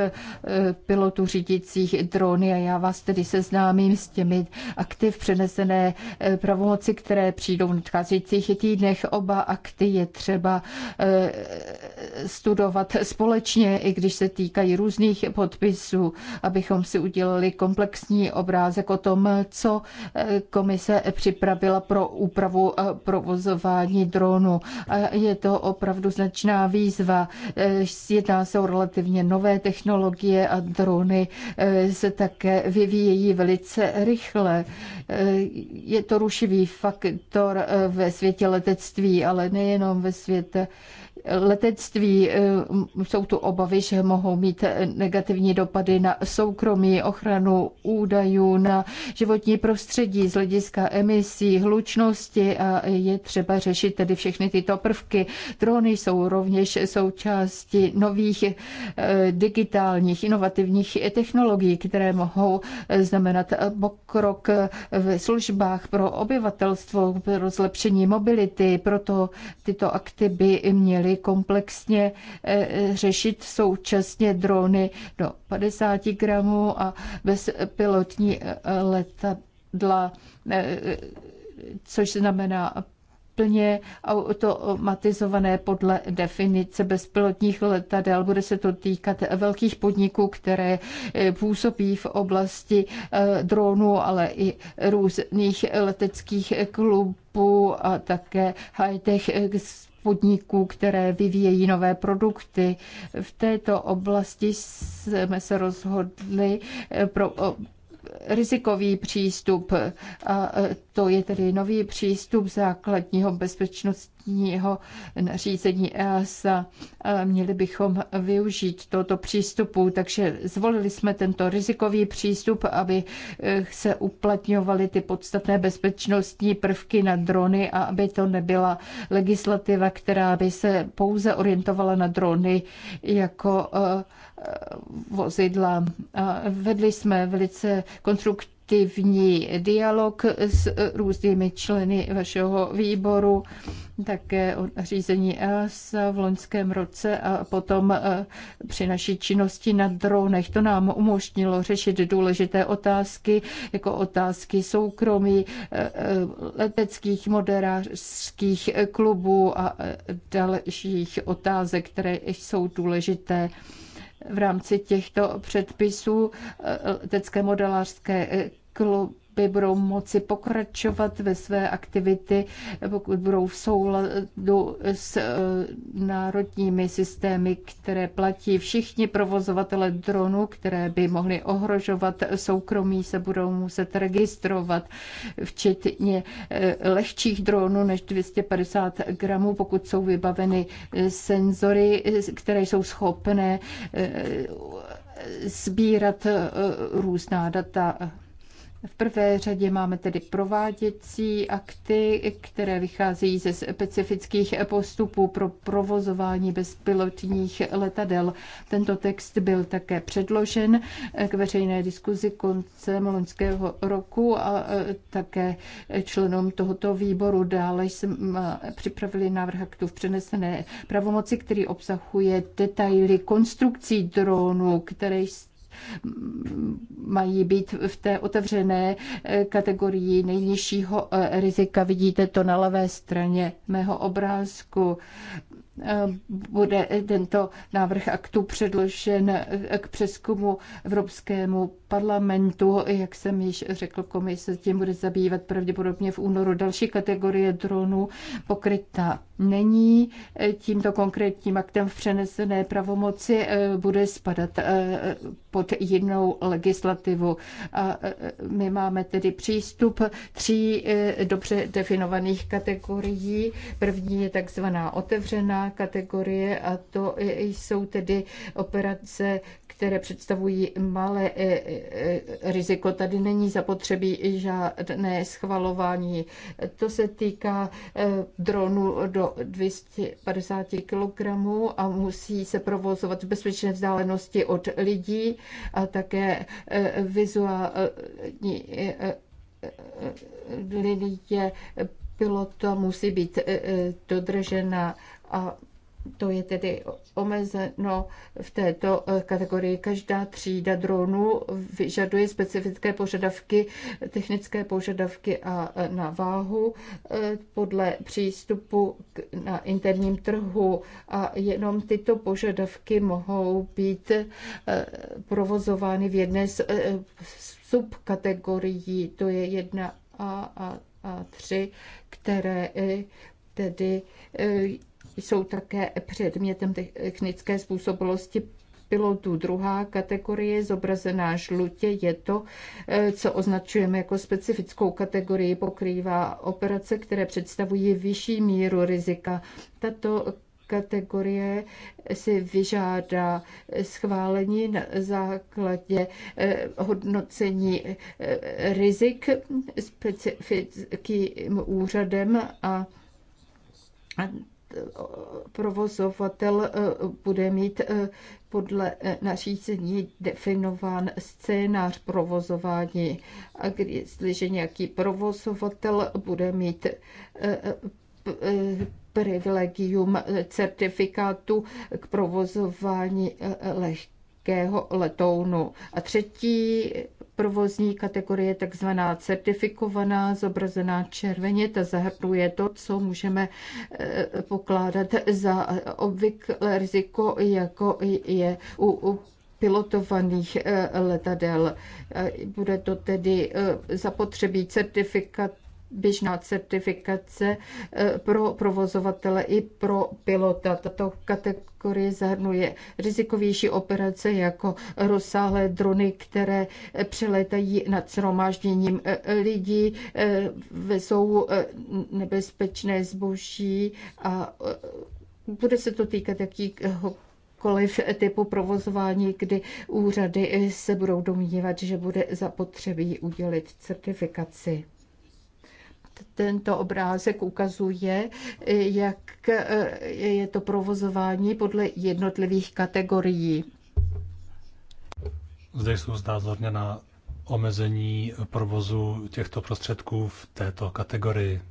pilotů řídících drony. A já vás tedy seznámím s těmi akty v přenesené eh, pravomoci, které přijdou v nadcházejících týdnech. Oba akty je třeba eh, studovat společně, i když se týkají různých podpisů, abychom si udělali komplexní obrázek o tom, co eh, komise připravila pro úpravu eh, provozování dronu. Je to opravdu značná výzva. Eh, jedná se o relativně nové technologie a drony se také vyvíjejí velice rychle. Je to rušivý faktor ve světě letectví, ale nejenom ve světě letectví. Eh, jsou tu obavy, že mohou mít negativní dopady na soukromí, ochranu údajů, na životní prostředí z hlediska emisí, hlučnosti a je třeba řešit tedy všechny tyto prvky. Drony jsou rovněž součástí nových eh, digitálních inovativních technologií, které mohou znamenat pokrok v službách pro obyvatelstvo, pro zlepšení mobility, proto tyto akty by měly komplexně eh, eh, řešit současně drony do 50 gramů a bezpilotní eh, letadla, což znamená plně automatizované podle definice bezpilotních letadel. Bude se to týkat velkých podniků, které působí v oblasti dronů, ale i různých leteckých klubů a také high-tech podniků, které vyvíjejí nové produkty. V této oblasti jsme se rozhodli pro rizikový přístup. A e, to je tedy nový přístup základního bezpečnost vlastního řízení EASA. Eh, měli bychom využít tohoto přístupu, takže zvolili jsme tento rizikový přístup, aby eh, se uplatňovaly ty podstatné bezpečnostní prvky na drony a aby to nebyla legislativa, která by se pouze orientovala na drony jako eh, vozidla. Vedli jsme velice konstruktivní aktivní dialog s různými členy vašeho výboru, také o řízení EAS v loňském roce a potom e, při naší činnosti na dronech. To nám umožnilo řešit důležité otázky, jako otázky soukromí, e, e, leteckých moderářských klubů a dalších otázek, které jsou důležité v rámci těchto předpisů letecké modelářské kluby budou moci pokračovat ve své aktivity, pokud budou v souladu s eh, národními systémy, které platí všichni provozovatele dronů, které by mohly ohrožovat soukromí, se budou muset registrovat, včetně eh, lehčích dronů než 250 gramů, pokud jsou vybaveny eh, senzory, které jsou schopné sbírat různá data v prvé řadě máme tedy prováděcí akty, které vycházejí ze specifických postupů pro provozování bezpilotních letadel. Tento text byl také předložen k veřejné diskuzi koncem loňského roku a e, také členům tohoto výboru. Dále jsme e, připravili návrh aktu v přenesené pravomoci, který obsahuje detaily konstrukcí dronů, které jsou mají být v té otevřené eh, kategorii nejnižšího eh, rizika. Vidíte to na levé straně mého obrázku. Eh, bude tento návrh aktu předložen eh, k přeskumu Evropskému parlamentu. Jak jsem již řekl, komise tím bude zabývat pravděpodobně v únoru. Další kategorie dronů pokryta není. Eh, tímto konkrétním aktem v přenesené pravomoci bude spadat pod jinou legislativu. A my máme tedy přístup tří dobře definovaných kategorií. První je takzvaná otevřená kategorie a to jsou tedy operace, které představují malé e, e, e, riziko. Tady není zapotřebí žádné schvalování. To se týká dronu do 250 kg a musí se provozovat v bezpečné vzdálenosti od lidí a také vizuální linie pilota musí být dodržena a to je tedy omezeno v této eh, kategorii. Každá třída dronů vyžaduje specifické požadavky, technické požadavky a eh, na váhu eh, podle přístupu na interním trhu a jenom tyto požadavky mohou být provozovány v jedné z subkategorií, to je jedna a, a, a tři, které tedy jsou také předmětem technické způsobilosti pilotů. Druhá kategorie je zobrazená žlutě, je to, eh, co označujeme jako specifickou kategorii, pokrývá operace, které představují vyšší míru rizika. Tato kategorie si vyžádá schválení na základě eh, hodnocení eh, rizik specifickým úřadem a provozovatel eh, bude mít eh, podle eh, nařízení definován scénář provozování. A jestliže nějaký provozovatel bude mít privilegium certifikátu k provozování lehkého letounu. A třetí provozní kategorie, takzvaná certifikovaná, zobrazená červeně. Ta zahrnuje to, co můžeme eh, pokládat za eh, obvyklé riziko, jako je u pilotovaných eh, letadel. Bude to tedy zapotřebí certifikat běžná certifikace eh, pro provozovatele i pro pilota. Tato kategorie zahrnuje rizikovější operace jako rozsáhlé drony, které eh, přelétají nad shromážděním eh, lidí, vezou nebezpečné zboží a bude se to týkat jakýho koliv typu provozování, kdy úřady se budou domnívat, že bude zapotřebí udělit certifikaci. Tento obrázek ukazuje, jak je to provozování podle jednotlivých kategorií. Zde jsou na omezení provozu těchto prostředků v této kategorii.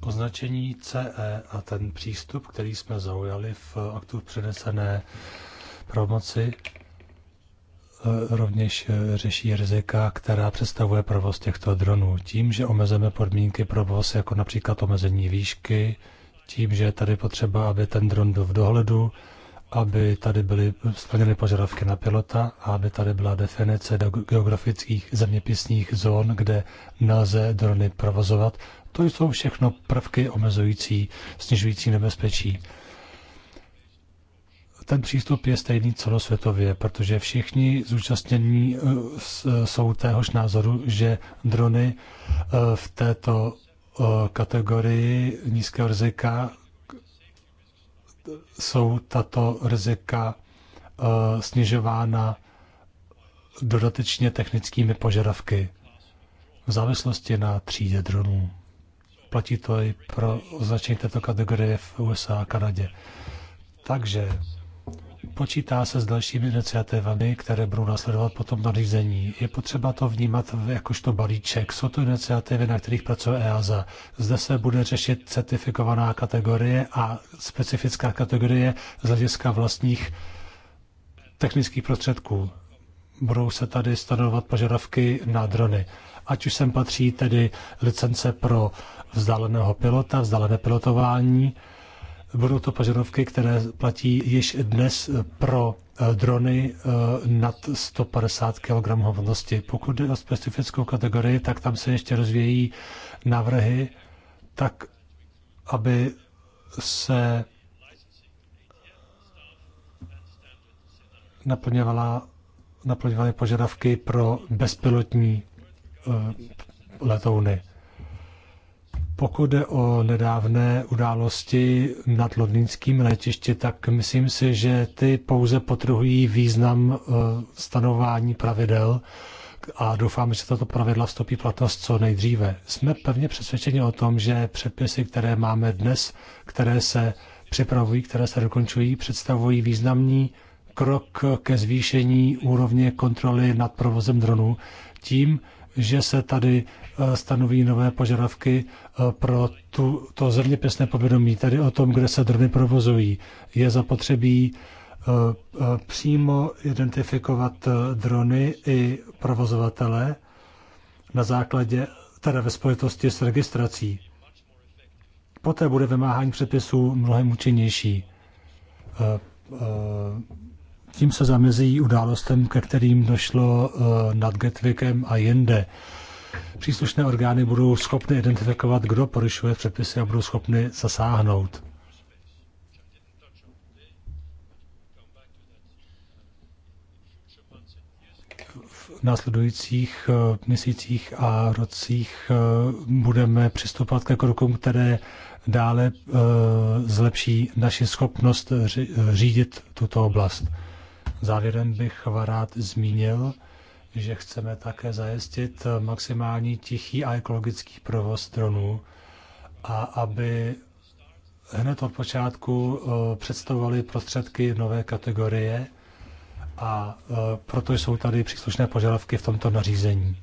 Označení CE a ten přístup, který jsme zaujali v aktu přenesené pravomoci, Eh, rovněž eh, řeší rizika, která představuje provoz těchto dronů. Tím, že omezeme podmínky provoz, jako například omezení výšky, tím, že je tady potřeba, aby ten dron byl v dohledu, aby tady byly splněny požadavky na pilota a aby tady byla definice geografických zeměpisných zón, kde nelze drony provozovat. To jsou všechno prvky omezující, snižující nebezpečí ten přístup je stejný celosvětově, protože všichni zúčastnění eh, jsou téhož názoru, že drony eh, v této eh, kategorii nízkého rizika jsou tato rizika snižována dodatečně technickými požadavky v závislosti na třídě dronů. Platí to i pro označení této kategorie v USA a Kanadě. Takže počítá se s dalšími iniciativami, které budou následovat potom nařízení. Je potřeba to vnímat jakožto balíček. Jsou to iniciativy, na kterých pracuje EASA. Zde se bude řešit certifikovaná kategorie a specifická kategorie z hlediska vlastních technických prostředků. Budou se tady stanovat požadavky na drony. Ať už sem patří tedy licence pro vzdáleného pilota, vzdálené pilotování, Budou to požadavky, které platí již dnes pro eh, drony eh, nad 150 kg hmotnosti. Pokud jde o specifickou kategorii, tak tam se ještě rozvíjí návrhy, tak aby se naplňovala, naplňovaly požadavky pro bezpilotní eh, letouny. Pokud jde o nedávné události nad londýnským letiště, tak myslím si, že ty pouze potrhují význam eh, stanování pravidel a doufám, že tato pravidla vstoupí platnost co nejdříve. Jsme pevně přesvědčeni o tom, že předpisy, které máme dnes, které se připravují, které se dokončují, představují významný krok ke zvýšení úrovně kontroly nad provozem dronů tím, že se tady eh, stanoví nové požadavky eh, pro tu, to zeměpisné povědomí, tedy o tom, kde se drony provozují. Je zapotřebí eh, přímo identifikovat drony i provozovatele na základě, teda ve spojitosti s registrací. Poté bude vymáhání předpisů mnohem účinnější tím se zamezí událostem, ke kterým došlo eh, nad Getvikem a jinde. Příslušné orgány budou schopny identifikovat, kdo porušuje předpisy a budou schopny zasáhnout. V následujících eh, měsících a rocích eh, budeme přistupovat ke krokům, které dále zlepší naši schopnost řídit tuto oblast. Závěrem bych rád zmínil, že chceme také zajistit maximální tichý a ekologický provoz dronů a aby hned od počátku eh, představovali prostředky nové kategorie a eh, proto jsou tady příslušné požadavky v tomto nařízení.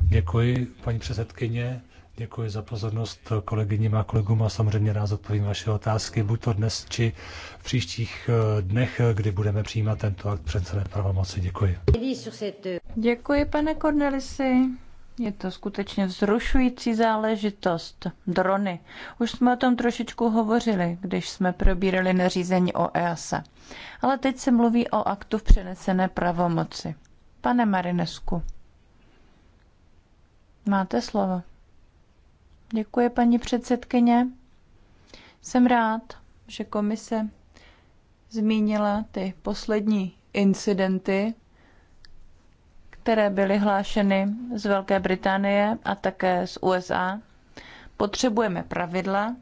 Děkuji, paní předsedkyně. Děkuji za pozornost kolegyním a kolegům a samozřejmě rád odpovím vaše otázky, buď to dnes, či v příštích eh, dnech, kdy budeme přijímat tento akt přecené pravomoci. Děkuji. Děkuji, pane Cornelisi. Je to skutečně vzrušující záležitost. Drony. Už jsme o tom trošičku hovořili, když jsme probírali nařízení o EASA. E. Ale teď se mluví o aktu v přenesené pravomoci. Pane Marinesku, máte slovo. Děkuji, paní předsedkyně. Jsem rád, že komise zmínila ty poslední incidenty, které byly hlášeny z Velké Británie a také z USA. Potřebujeme pravidla,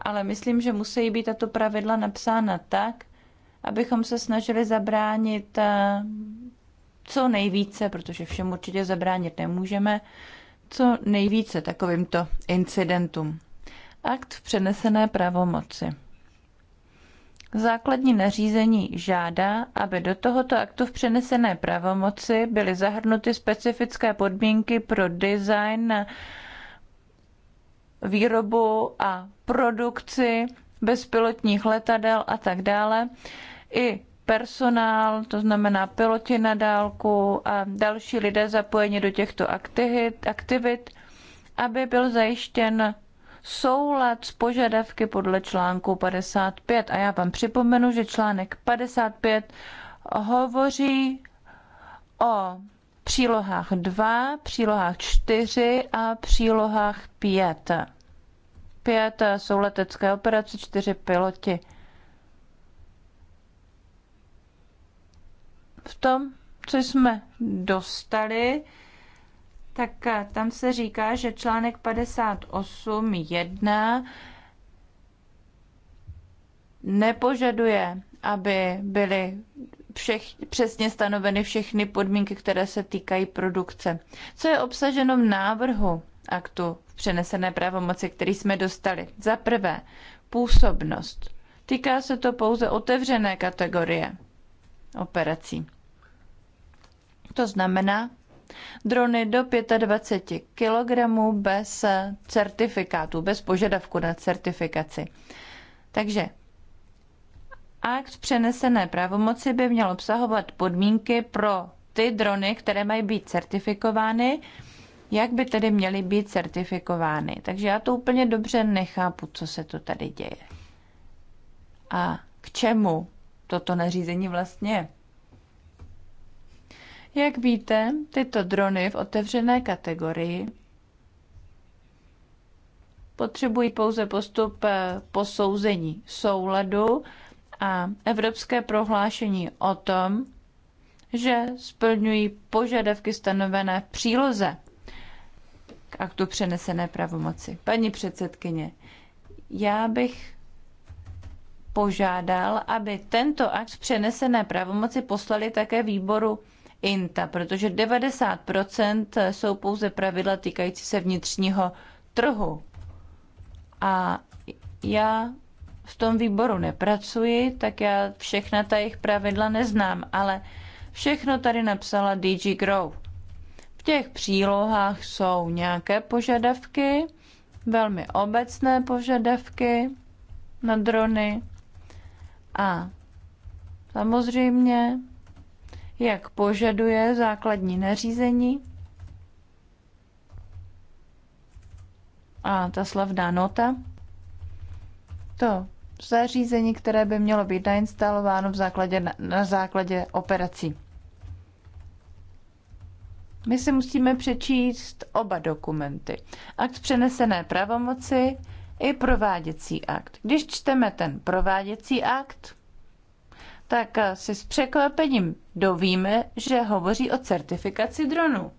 ale myslím, že musí být tato pravidla napsána tak, abychom se snažili zabránit eh, co nejvíce, protože všem určitě zabránit nemůžeme, co nejvíce takovýmto incidentům. Akt v přenesené pravomoci. Základní nařízení žádá, aby do tohoto aktu v přenesené pravomoci byly zahrnuty specifické podmínky pro design, výrobu a produkci bezpilotních letadel a tak dále, i personál, to znamená piloti na dálku a další lidé zapojeni do těchto aktivit, aby byl zajištěn soulad s požadavky podle článku 55. A já vám připomenu, že článek 55 hovoří o přílohách 2, přílohách 4 a přílohách 5. 5 jsou letecké operace, 4 piloti. v tom, co jsme dostali, tak tam se říká, že článek 58.1 nepožaduje, aby byly všech, přesně stanoveny všechny podmínky, které se týkají produkce. Co je obsaženo v návrhu aktu v přenesené pravomoci, který jsme dostali? Za prvé, působnost. Týká se to pouze otevřené kategorie operací. To znamená drony do 25 kg bez certifikátu, bez požadavku na certifikaci. Takže akt přenesené pravomoci by měl obsahovat podmínky pro ty drony, které mají být certifikovány, jak by tedy měly být certifikovány. Takže já to úplně dobře nechápu, co se to tady děje. A k čemu toto nařízení vlastně je. Jak víte, tyto drony v otevřené kategorii potřebují pouze postup eh, posouzení souladu a evropské prohlášení o tom, že splňují požadavky stanovené v příloze k aktu přenesené pravomoci. Paní předsedkyně, já bych požádal, aby tento akt přenesené pravomoci poslali také výboru INTA, protože 90% jsou pouze pravidla týkající se vnitřního trhu. A já v tom výboru nepracuji, tak já všechna ta jejich pravidla neznám, ale všechno tady napsala DG Grow. V těch přílohách jsou nějaké požadavky, velmi obecné požadavky na drony a samozřejmě jak požaduje základní nařízení. A ta slavná nota, to zařízení, které by mělo být nainstalováno v základě, na, na základě operací. My si musíme přečíst oba dokumenty. Akt přenesené pravomoci i prováděcí akt. Když čteme ten prováděcí akt, tak eh, si s překvapením dovíme, že hovoří o certifikaci dronu.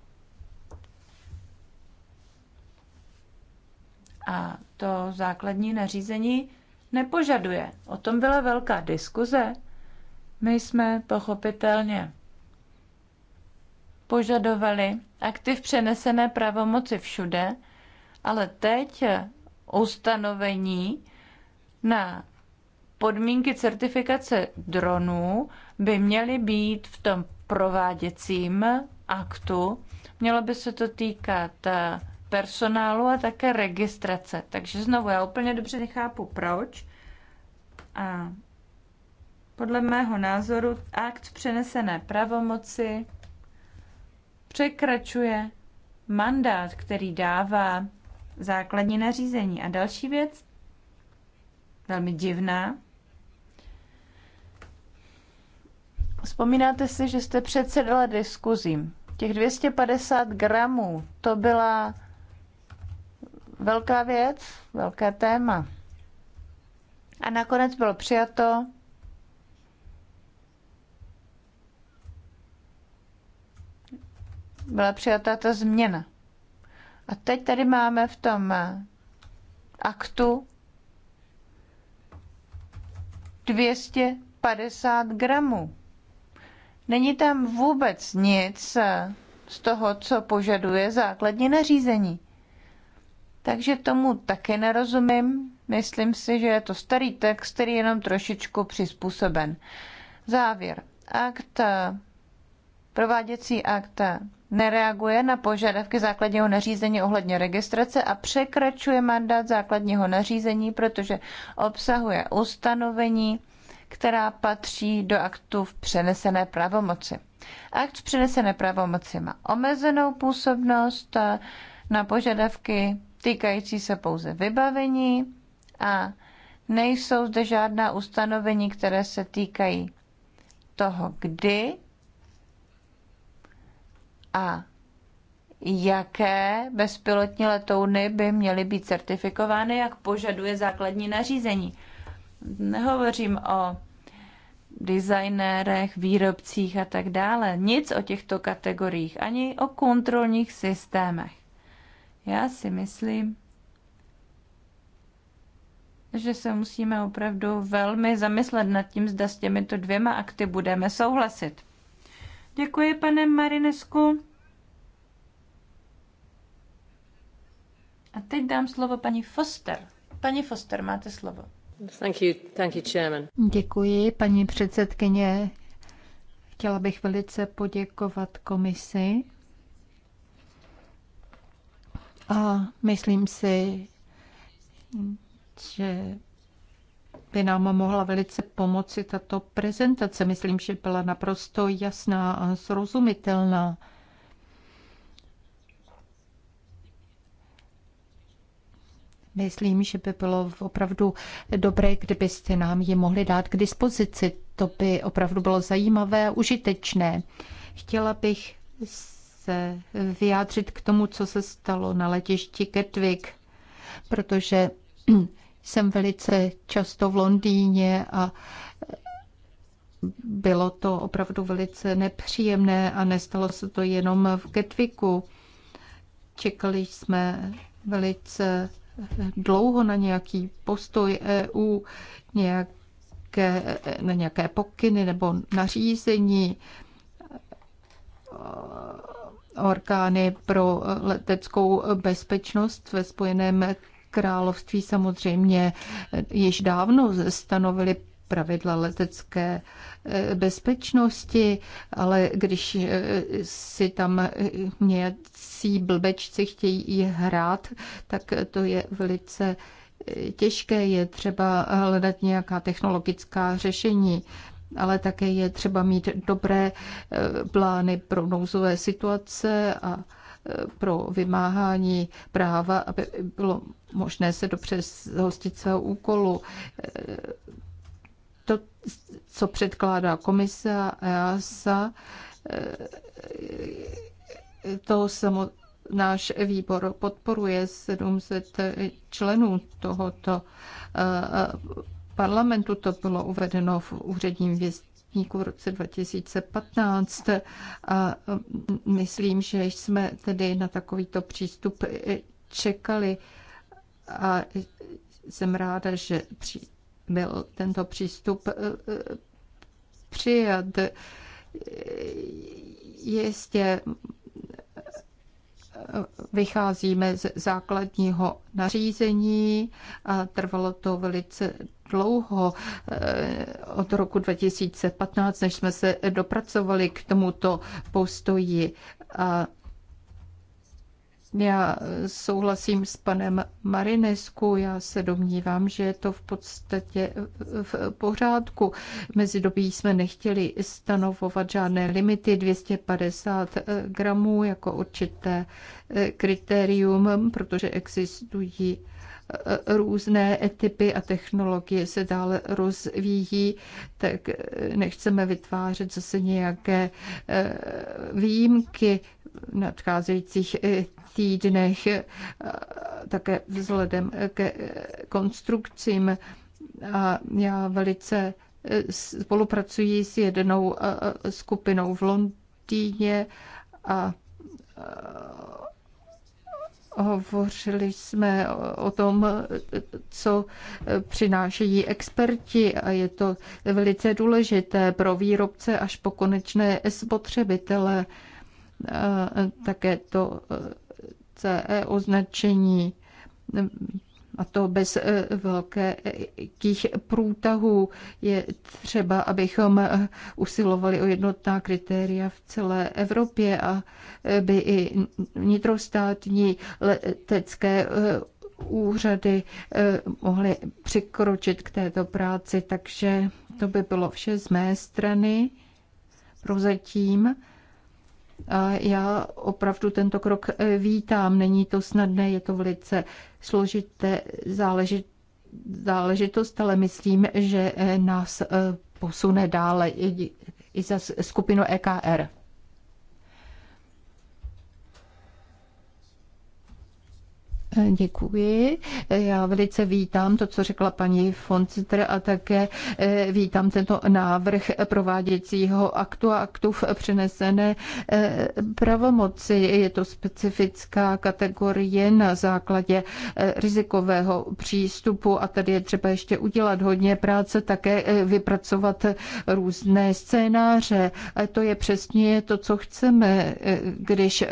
A to základní nařízení nepožaduje. O tom byla velká diskuze. My jsme pochopitelně požadovali aktiv přenesené pravomoci všude, ale teď ustanovení na podmínky certifikace dronů by měly být v tom prováděcím aktu. Mělo by se to týkat eh, personálu a také registrace. Takže znovu, já úplně dobře nechápu, proč. A podle mého názoru akt přenesené pravomoci překračuje mandát, který dává základní nařízení. A další věc, velmi divná, Vzpomínáte si, že jste předsedala diskuzím. Těch 250 gramů, to byla velká věc, velké téma. A nakonec bylo přijato byla přijata ta změna. A teď tady máme v tom aktu 250 gramů. Není tam vůbec nic eh, z toho, co požaduje základní nařízení. Takže tomu taky nerozumím. Myslím si, že je to starý text, který je jenom trošičku přizpůsoben. Závěr. Akt, eh, prováděcí akt eh, nereaguje na požadavky základního nařízení ohledně registrace a překračuje mandát základního nařízení, protože obsahuje ustanovení, která patří do aktu v přenesené pravomoci. Akt v přenesené pravomoci má omezenou působnost eh, na požadavky týkající se pouze vybavení a nejsou zde žádná ustanovení, které se týkají toho, kdy a jaké bezpilotní letouny by měly být certifikovány, jak požaduje základní nařízení. Nehovořím o designérech, výrobcích a tak dále. Nic o těchto kategoriích, ani o kontrolních systémech. Já si myslím, že se musíme opravdu velmi zamyslet nad tím, zda s těmito dvěma akty budeme souhlasit. Děkuji, pane Marinesku. A teď dám slovo paní Foster. Paní Foster, máte slovo. Děkuji, paní předsedkyně. Chtěla bych velice poděkovat komisi. A myslím si, že by nám mohla velice pomoci tato prezentace. Myslím, že byla naprosto jasná a srozumitelná. Myslím, že by bylo opravdu dobré, kdybyste nám ji mohli dát k dispozici. To by opravdu bylo zajímavé a užitečné. Chtěla bych se vyjádřit k tomu, co se stalo na letišti Ketwick, protože jsem velice často v Londýně a bylo to opravdu velice nepříjemné a nestalo se to jenom v Ketviku. Čekali jsme velice dlouho na nějaký postoj EU, nějaké, na nějaké pokyny nebo nařízení orgány pro leteckou bezpečnost ve Spojeném království samozřejmě již dávno stanovili pravidla letecké eh, bezpečnosti, ale když eh, si tam eh, nějací blbečci chtějí hrát, tak to je velice těžké. Je třeba hledat nějaká technologická řešení ale také je třeba mít dobré plány pro nouzové situace a pro vymáhání práva, aby bylo možné se dobře zhostit svého úkolu. To, co předkládá komise a EASA, e, to samo, náš výbor podporuje 700 členů tohoto e, e, parlamentu. To bylo uvedeno v úředním věstníku v roce 2015 a myslím, že jsme tedy na takovýto přístup čekali a jsem ráda, že byl tento přístup eh, eh, přijat. Jistě vycházíme z základního nařízení a trvalo to velice dlouho, eh, od roku 2015, než jsme se dopracovali k tomuto postoji. A já souhlasím s panem Marinesku, já se domnívám, že je to v podstatě v pořádku. Mezidobí jsme nechtěli stanovovat žádné limity, 250 gramů jako určité kritérium, protože existují různé typy a technologie se dále rozvíjí, tak nechceme vytvářet zase nějaké výjimky v nadcházejících týdnech, eh, také vzhledem ke eh, konstrukcím. A já velice eh, spolupracuji s jednou skupinou v Londýně a hovořili jsme o tom, co přinášejí experti a je to velice důležité pro výrobce až po konečné spotřebitele. Také to CE eh, označení a to bez eh, velkých průtahů. Je třeba, abychom eh, usilovali o jednotná kritéria v celé Evropě a by i vnitrostátní letecké úřady mohly přikročit k této práci. Takže to by bylo vše z mé strany prozatím. A já opravdu tento krok e, vítám. Není to snadné, je to velice složité záležit, záležitost, ale myslím, že e, nás e, posune dále i za skupinu EKR. Děkuji. Já velice vítám to, co řekla paní Foncitr a také eh, vítám tento návrh prováděcího aktu a aktu v přenesené eh, pravomoci. Je to specifická kategorie na základě eh, rizikového přístupu a tady je třeba ještě udělat hodně práce, také vypracovat různé scénáře. To je přesně to, co chceme, když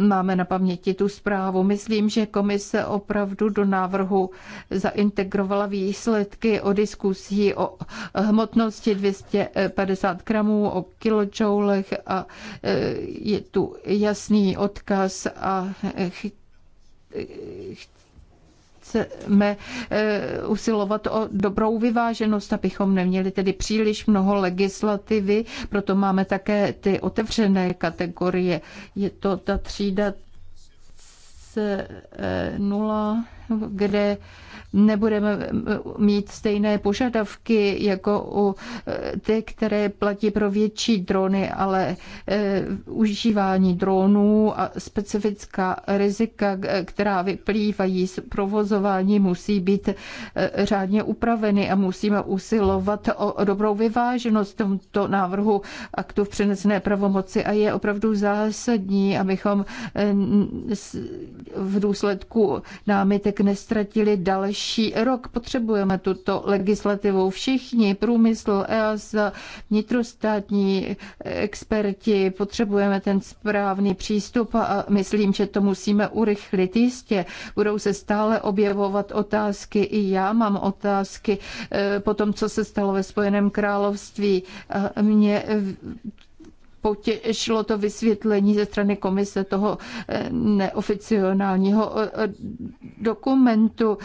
máme na paměti tu zprávu. Myslím, že komise opravdu do návrhu zaintegrovala výsledky o diskusí o hmotnosti 250 gramů, o kiločoulech a e, je tu jasný odkaz a e, e, chceme eh, usilovat o dobrou vyváženost, abychom neměli tedy příliš mnoho legislativy, proto máme také ty otevřené kategorie. Je to ta třída C0 eh, kde nebudeme eh, mít stejné požadavky jako u eh, ty, které platí pro větší drony, ale eh, užívání dronů a specifická rizika, která vyplývají z provozování, musí být řádně upraveny a musíme usilovat o dobrou vyváženost tomto návrhu aktu v přenesené pravomoci a je opravdu zásadní, abychom v důsledku námitek nestratili další rok. Potřebujeme tuto legislativu všichni, průmysl, EAS, vnitrostátní experti, potřebujeme ten správný přístup a myslím, že to musíme urychlit. Jistě budou se stále objevovat otázky, i já mám otázky eh, po tom, co se stalo ve Spojeném království. Mě potěšilo to vysvětlení ze strany komise toho eh, neoficionálního eh, eh, dokumentu,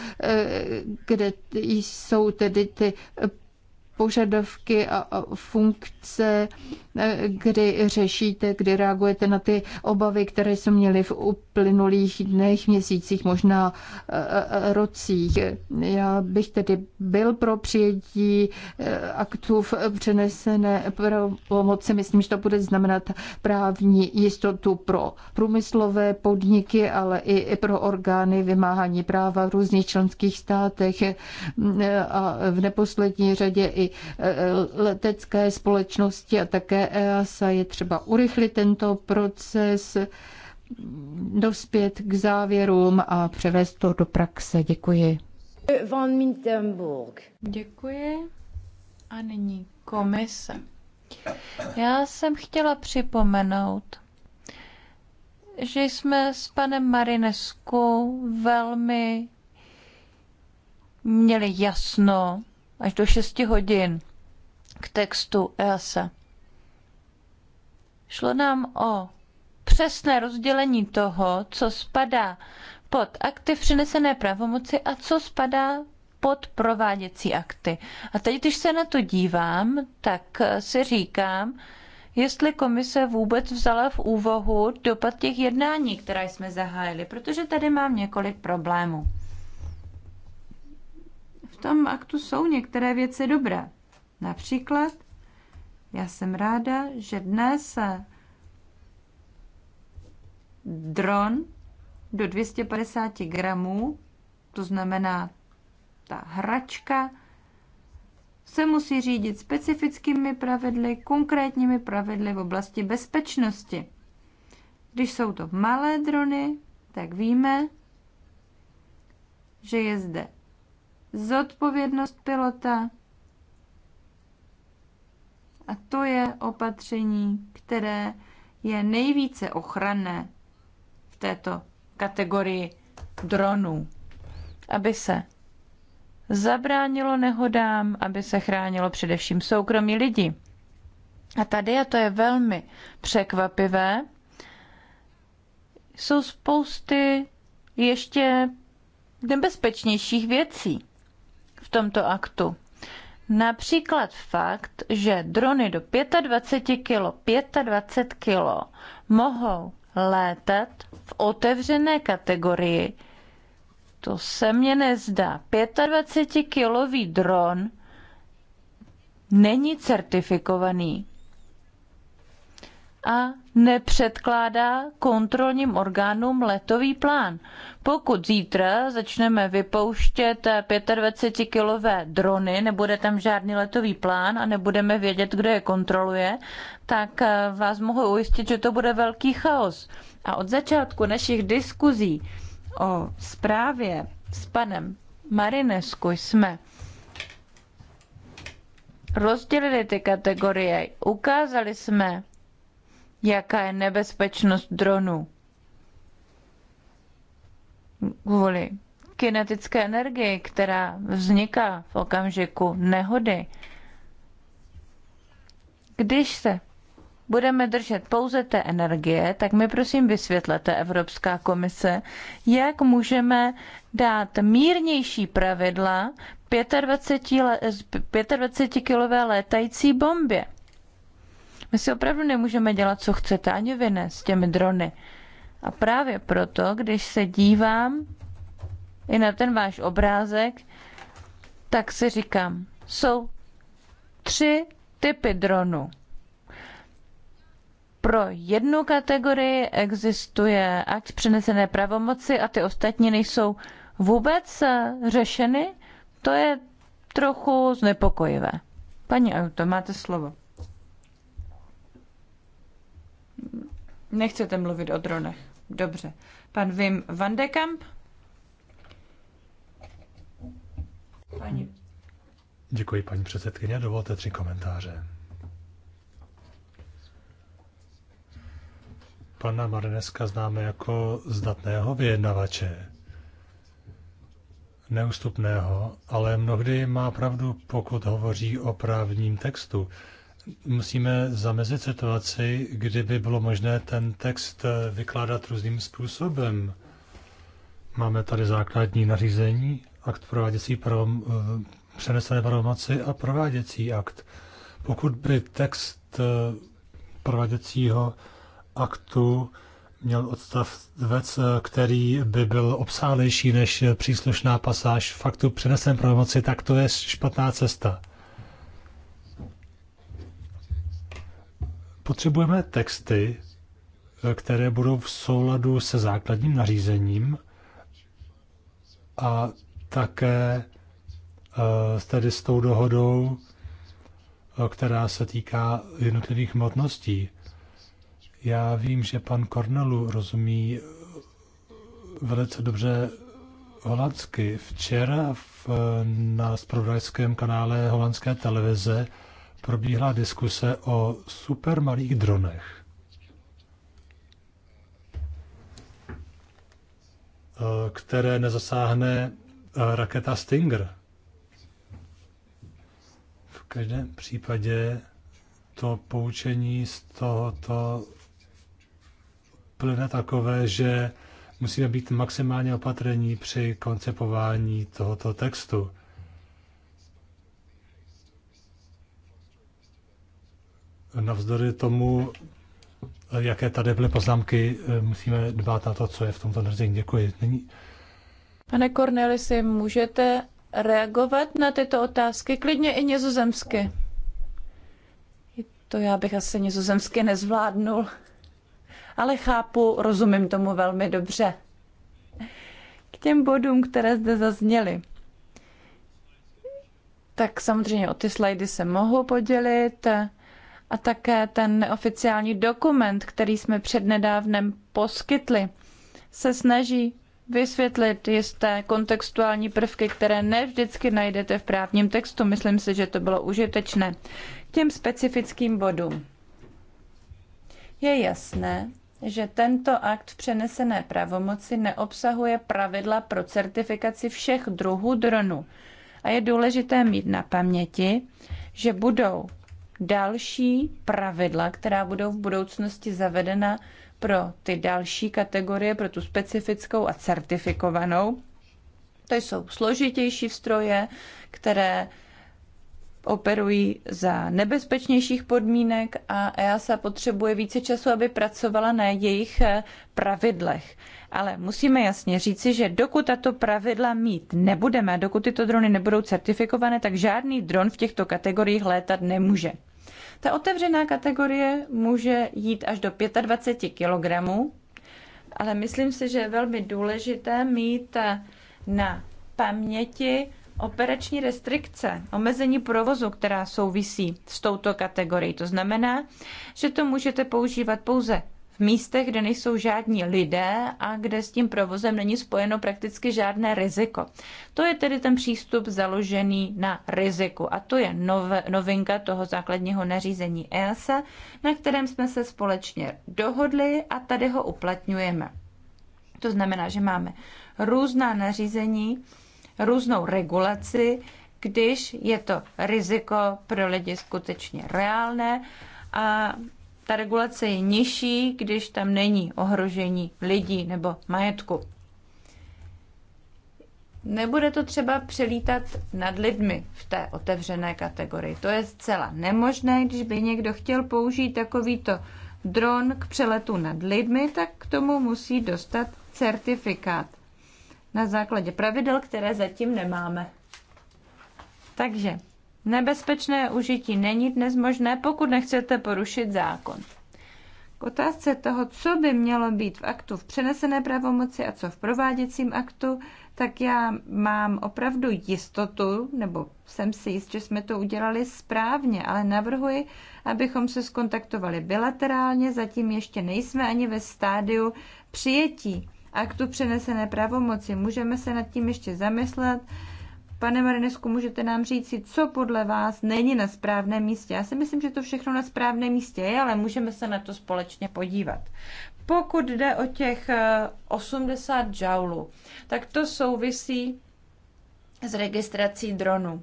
kde jsou tedy ty požadavky a funkce Eh, kdy řešíte, kdy reagujete na ty obavy, které jsme měli v uplynulých dnech, měsících, možná eh, eh, rocích. Já bych tedy byl pro přijetí aktů v přenesené pomoci. Myslím, že to bude znamenat právní jistotu pro průmyslové podniky, ale i pro orgány vymáhání práva v různých členských státech a v neposlední řadě i letecké společnosti a také EASA, je třeba urychlit tento proces, dospět k závěrům a převést to do praxe. Děkuji. Van Mittenburg. Děkuji. A nyní komise. Já jsem chtěla připomenout, že jsme s panem Marinesku velmi měli jasno až do 6 hodin k textu EASA. Šlo nám o přesné rozdělení toho, co spadá pod akty přinesené pravomoci a co spadá pod prováděcí akty. A teď, když se na to dívám, tak si říkám, jestli komise vůbec vzala v úvahu dopad těch jednání, která jsme zahájili, protože tady mám několik problémů. V tom aktu jsou některé věci dobré. Například já jsem ráda, že dnes dron do 250 gramů, to znamená ta hračka, se musí řídit specifickými pravidly, konkrétními pravidly v oblasti bezpečnosti. Když jsou to malé drony, tak víme, že je zde zodpovědnost pilota, a to je opatření, které je nejvíce ochranné v této kategorii dronů, aby se zabránilo nehodám, aby se chránilo především soukromí lidí. A tady, a to je velmi překvapivé, jsou spousty ještě nebezpečnějších věcí v tomto aktu. Například fakt, že drony do 25 kg, 25 kg mohou létat v otevřené kategorii, to se mně nezdá. 25 kilový dron není certifikovaný a nepředkládá kontrolním orgánům letový plán. Pokud zítra začneme vypouštět 25-kilové drony, nebude tam žádný letový plán a nebudeme vědět, kdo je kontroluje, tak eh, vás mohu ujistit, že to bude velký chaos. A od začátku našich diskuzí o zprávě s panem Marinesku jsme rozdělili ty kategorie, ukázali jsme, jaká je nebezpečnost dronů. Kvůli kinetické energii, která vzniká v okamžiku nehody. Když se budeme držet pouze té energie, tak mi prosím vysvětlete, Evropská komise, jak můžeme dát mírnější pravidla 25, 25 kilové létající bombě. My si opravdu nemůžeme dělat, co chcete, ani vy ne, s těmi drony. A právě proto, když se dívám i na ten váš obrázek, tak si říkám, jsou tři typy dronů. Pro jednu kategorii existuje akt přenesené pravomoci a ty ostatní nejsou vůbec eh, řešeny. To je trochu znepokojivé. Paní Auto, máte slovo. Nechcete mluvit o dronech. Dobře. Pan Vim van de Kamp? Pani. Děkuji, paní předsedkyně. Dovolte tři komentáře. Pana Marineska známe jako zdatného vyjednavače. Neustupného, ale mnohdy má pravdu, pokud hovoří o právním textu musíme zamezit situaci, kdyby bylo možné ten text eh, vykládat různým způsobem. Máme tady základní nařízení, akt prováděcí pravom, eh, přenesené pravomoci a prováděcí akt. Pokud by text eh, prováděcího aktu měl odstavec, který by byl obsálejší než příslušná pasáž faktu přenesené pravomoci, tak to je špatná cesta. Potřebujeme texty, eh, které budou v souladu se základním nařízením a také eh, tedy s tou dohodou, eh, která se týká jednotlivých hmotností. Já vím, že pan Kornelu rozumí velice dobře holandsky. Včera v, na spravodajském kanále holandské televize probíhá diskuse o supermalých dronech. E, které nezasáhne e, raketa Stinger. V každém případě to poučení z tohoto plyne takové, že musíme být maximálně opatrní při koncepování tohoto textu. navzdory tomu, jaké tady byly poznámky, musíme dbát na to, co je v tomto nařízení. Děkuji. Není... Pane Cornelisi, můžete reagovat na tyto otázky, klidně i nizozemsky. To já bych asi nizozemsky nezvládnul, ale chápu, rozumím tomu velmi dobře. K těm bodům, které zde zazněly. Tak samozřejmě o ty slajdy se mohu podělit a také ten neoficiální dokument, který jsme přednedávnem poskytli, se snaží vysvětlit jisté kontextuální prvky, které ne vždycky najdete v právním textu. Myslím si, že to bylo užitečné. K těm specifickým bodům. Je jasné, že tento akt v přenesené pravomoci neobsahuje pravidla pro certifikaci všech druhů dronů. A je důležité mít na paměti, že budou další pravidla, která budou v budoucnosti zavedena pro ty další kategorie, pro tu specifickou a certifikovanou. To jsou složitější stroje, které operují za nebezpečnějších podmínek a EASA potřebuje více času, aby pracovala na jejich pravidlech. Ale musíme jasně říci, že dokud tato pravidla mít nebudeme, a dokud tyto drony nebudou certifikované, tak žádný dron v těchto kategoriích létat nemůže. Ta otevřená kategorie může jít až do 25 kg, ale myslím si, že je velmi důležité mít na paměti operační restrikce, omezení provozu, která souvisí s touto kategorií. To znamená, že to můžete používat pouze v místech, kde nejsou žádní lidé a kde s tím provozem není spojeno prakticky žádné riziko. To je tedy ten přístup založený na riziku a to je nov, novinka toho základního nařízení EASA, na kterém jsme se společně dohodli a tady ho uplatňujeme. To znamená, že máme různá nařízení, různou regulaci, když je to riziko pro lidi skutečně reálné a ta regulace je nižší, když tam není ohrožení lidí nebo majetku. Nebude to třeba přelítat nad lidmi v té otevřené kategorii. To je zcela nemožné, když by někdo chtěl použít takovýto dron k přeletu nad lidmi, tak k tomu musí dostat certifikát na základě pravidel, které zatím nemáme. Takže Nebezpečné užití není dnes možné, pokud nechcete porušit zákon. K otázce toho, co by mělo být v aktu v přenesené pravomoci a co v prováděcím aktu, tak já mám opravdu jistotu, nebo jsem si jist, že jsme to udělali správně, ale navrhuji, abychom se skontaktovali bilaterálně, zatím ještě nejsme ani ve stádiu přijetí aktu přenesené pravomoci. Můžeme se nad tím ještě zamyslet, Pane Marinesku, můžete nám si, co podle vás není na správném místě? Já si myslím, že to všechno na správném místě je, ale můžeme se na to společně podívat. Pokud jde o těch 80 eh, džaulů, tak to souvisí s registrací dronu.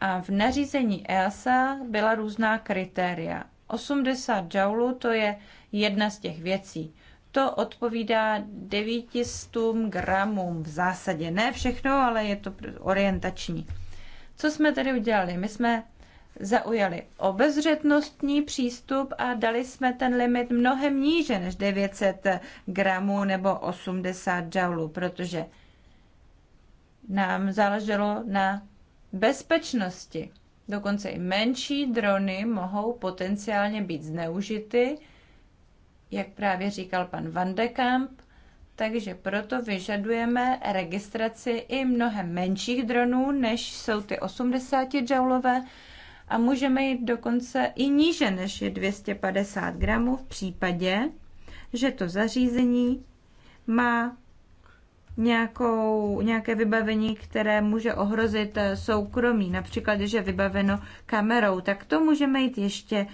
A v nařízení EASA byla různá kritéria. 80 džaulů to je jedna z těch věcí to odpovídá 900 gramům v zásadě. Ne všechno, ale je to orientační. Co jsme tedy udělali? My jsme zaujali obezřetnostní přístup a dali jsme ten limit mnohem níže než 900 gramů nebo 80 joulů, protože nám záleželo na bezpečnosti. Dokonce i menší drony mohou potenciálně být zneužity, jak právě říkal pan Van de Kamp, takže proto vyžadujeme registraci i mnohem menších dronů, než jsou ty 80 joulové a můžeme jít dokonce i níže, než je 250 gramů v případě, že to zařízení má nějakou, nějaké vybavení, které může ohrozit eh, soukromí, například, že je vybaveno kamerou, tak to můžeme jít ještě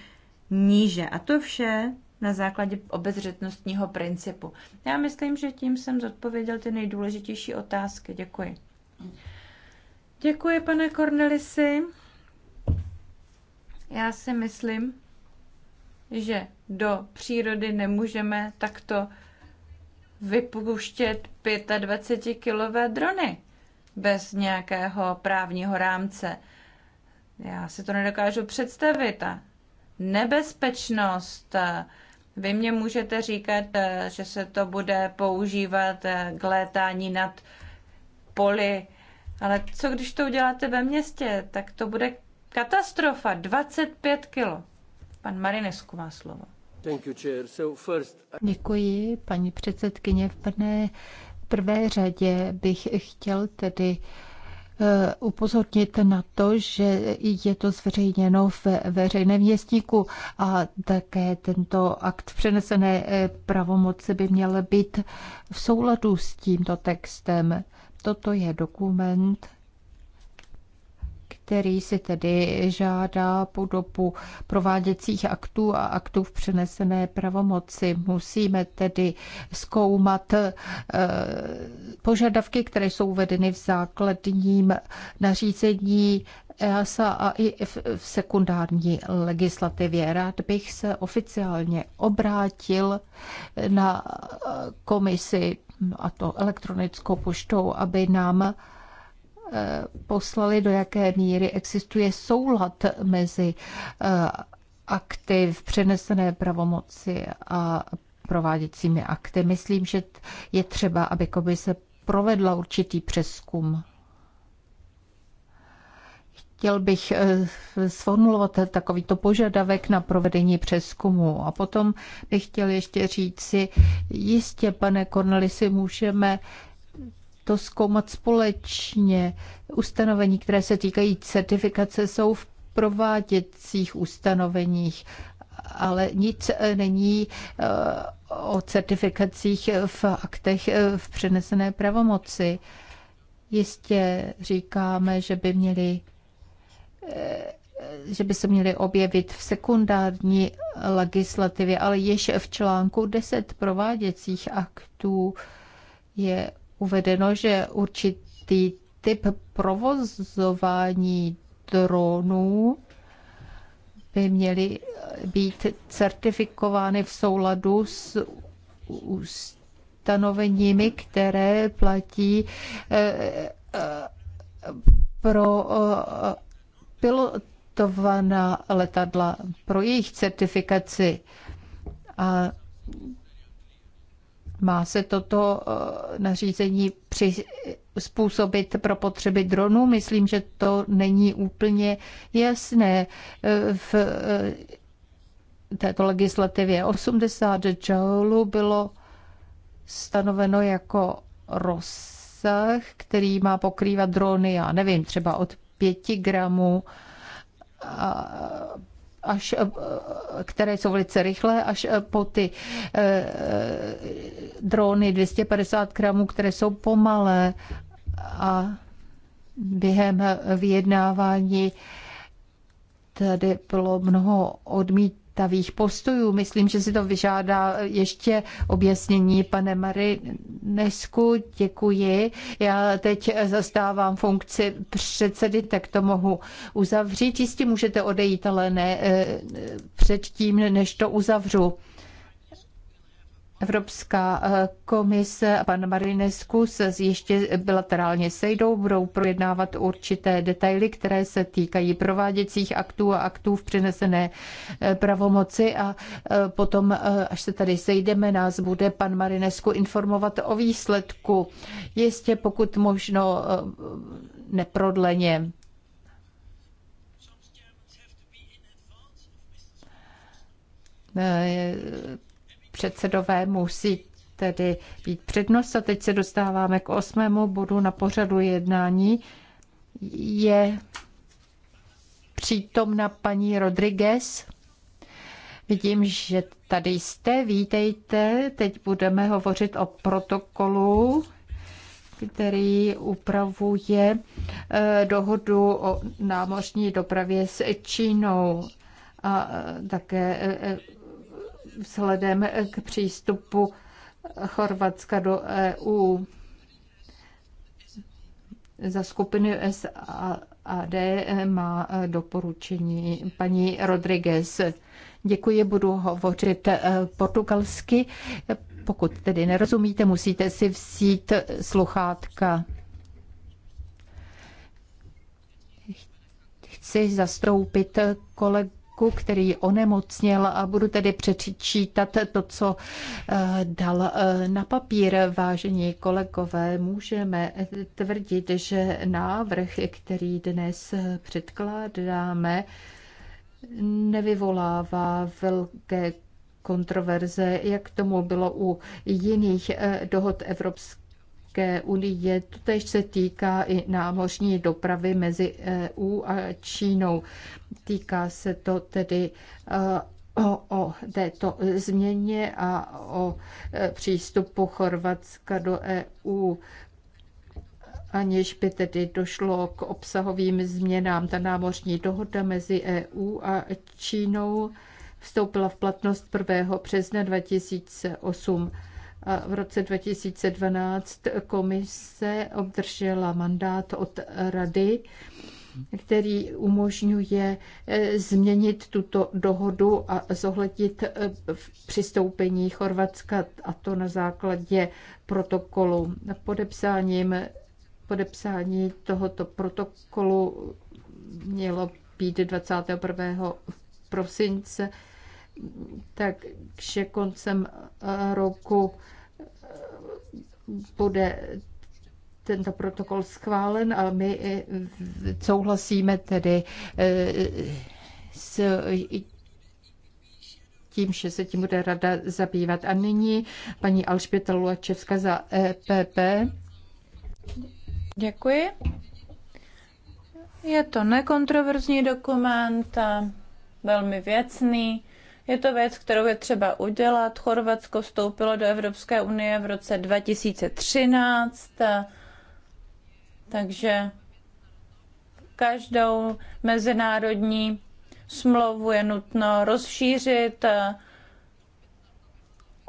níže. A to vše na základě obezřetnostního principu. Já myslím, že tím jsem zodpověděl ty nejdůležitější otázky. Děkuji. Děkuji, pane Cornelisi. Já si myslím, že do přírody nemůžeme takto vypuštět 25-kilové drony bez nějakého právního rámce. Já si to nedokážu představit. A nebezpečnost, vy mě můžete říkat, eh, že se to bude používat eh, k létání nad poli, ale co když to uděláte ve městě, tak to bude katastrofa, 25 kilo. Pan Marinesku má slovo. Děkuji, paní předsedkyně. V prvé, prvé řadě bych chtěl tedy Eh, upozornit na to, že je to zveřejněno v veřejném věstníku a také tento akt přenesené eh, pravomoci by měl být v souladu s tímto textem. Toto je dokument, který si tedy žádá podobu prováděcích aktů a aktů v přenesené pravomoci. Musíme tedy zkoumat eh, požadavky, které jsou uvedeny v základním nařízení EASA a i v sekundární legislativě. Rád bych se oficiálně obrátil na eh, komisi, a to elektronickou poštou, aby nám Eh, poslali, do jaké míry existuje soulad mezi eh, akty v přenesené pravomoci a prováděcími akty. Myslím, že je třeba, aby komise provedla určitý přeskum. Chtěl bych eh, sformulovat takovýto požadavek na provedení přeskumu. A potom bych chtěl ještě říct si, jistě, pane Corneli, můžeme to zkoumat společně. Ustanovení, které se týkají certifikace, jsou v prováděcích ustanoveních, ale nic eh, není eh, o certifikacích v aktech eh, v přenesené pravomoci. Jistě říkáme, že by měli že by se měly objevit v sekundární legislativě, ale již v článku 10 prováděcích aktů je uvedeno, že určitý typ provozování dronů by měly být certifikovány v souladu s ustanoveními, které platí eh, eh, pro eh, pilotovaná letadla, pro jejich certifikaci. A má se toto eh, nařízení přizpůsobit pro potřeby dronů? Myslím, že to není úplně jasné. Eh, v eh, této legislativě 80 joulů bylo stanoveno jako rozsah, který má pokrývat drony, já nevím, třeba od 5 gramů až, eh, které jsou velice rychlé, až eh, po ty eh, drony 250 gramů, které jsou pomalé a během vyjednávání tady bylo mnoho odmít odmítavých postojů. Myslím, že si to vyžádá ještě objasnění. Pane nesku děkuji. Já teď zastávám funkci předsedy, tak to mohu uzavřít. Jistě můžete odejít, ale ne eh, předtím, než to uzavřu. Evropská eh, komise a pan Marinescu se ještě bilaterálně sejdou, budou projednávat určité detaily, které se týkají prováděcích aktů a aktů v přenesené eh, pravomoci a eh, potom, až se tady sejdeme, nás bude pan Marinescu informovat o výsledku. Jistě pokud možno neprodleně předsedové musí tedy být přednost. A teď se dostáváme k osmému bodu na pořadu jednání. Je přítomna paní Rodriguez. Vidím, že tady jste. Vítejte. Teď budeme hovořit o protokolu, který upravuje eh, dohodu o námořní dopravě s Čínou a eh, také eh, vzhledem k přístupu Chorvatska do EU. Za skupinu SAD má doporučení paní Rodriguez. Děkuji, budu hovořit eh, portugalsky. Pokud tedy nerozumíte, musíte si vzít sluchátka. Chci zastoupit kolegu Kuku, který onemocněl a budu tedy přečítat to, co eh, dal eh, na papír. Vážení kolegové, můžeme tvrdit, že návrh, který dnes předkládáme, nevyvolává velké kontroverze, jak tomu bylo u jiných eh, dohod Evropské Evropské unie. Totež se týká i námořní dopravy mezi EU a Čínou. Týká se to tedy eh, o, o této změně a o eh, přístupu Chorvatska do EU aniž by tedy došlo k obsahovým změnám. Ta námořní dohoda mezi EU a Čínou vstoupila v platnost 1. března 2008 a v roce 2012 komise obdržela mandát od rady, který umožňuje eh, změnit tuto dohodu a zohlednit eh, přistoupení Chorvatska, a to na základě protokolu. Podepsáním, podepsání tohoto protokolu mělo být 21. prosince takže koncem eh, roku eh, bude tento protokol schválen a my souhlasíme tedy eh, s tím, že se tím bude rada zabývat. A nyní paní Alžběta Luačevská za EPP. Děkuji. Je to nekontroverzní dokument, velmi věcný je to věc, kterou je třeba udělat. Chorvatsko vstoupilo do Evropské unie v roce 2013, takže každou mezinárodní smlouvu je nutno rozšířit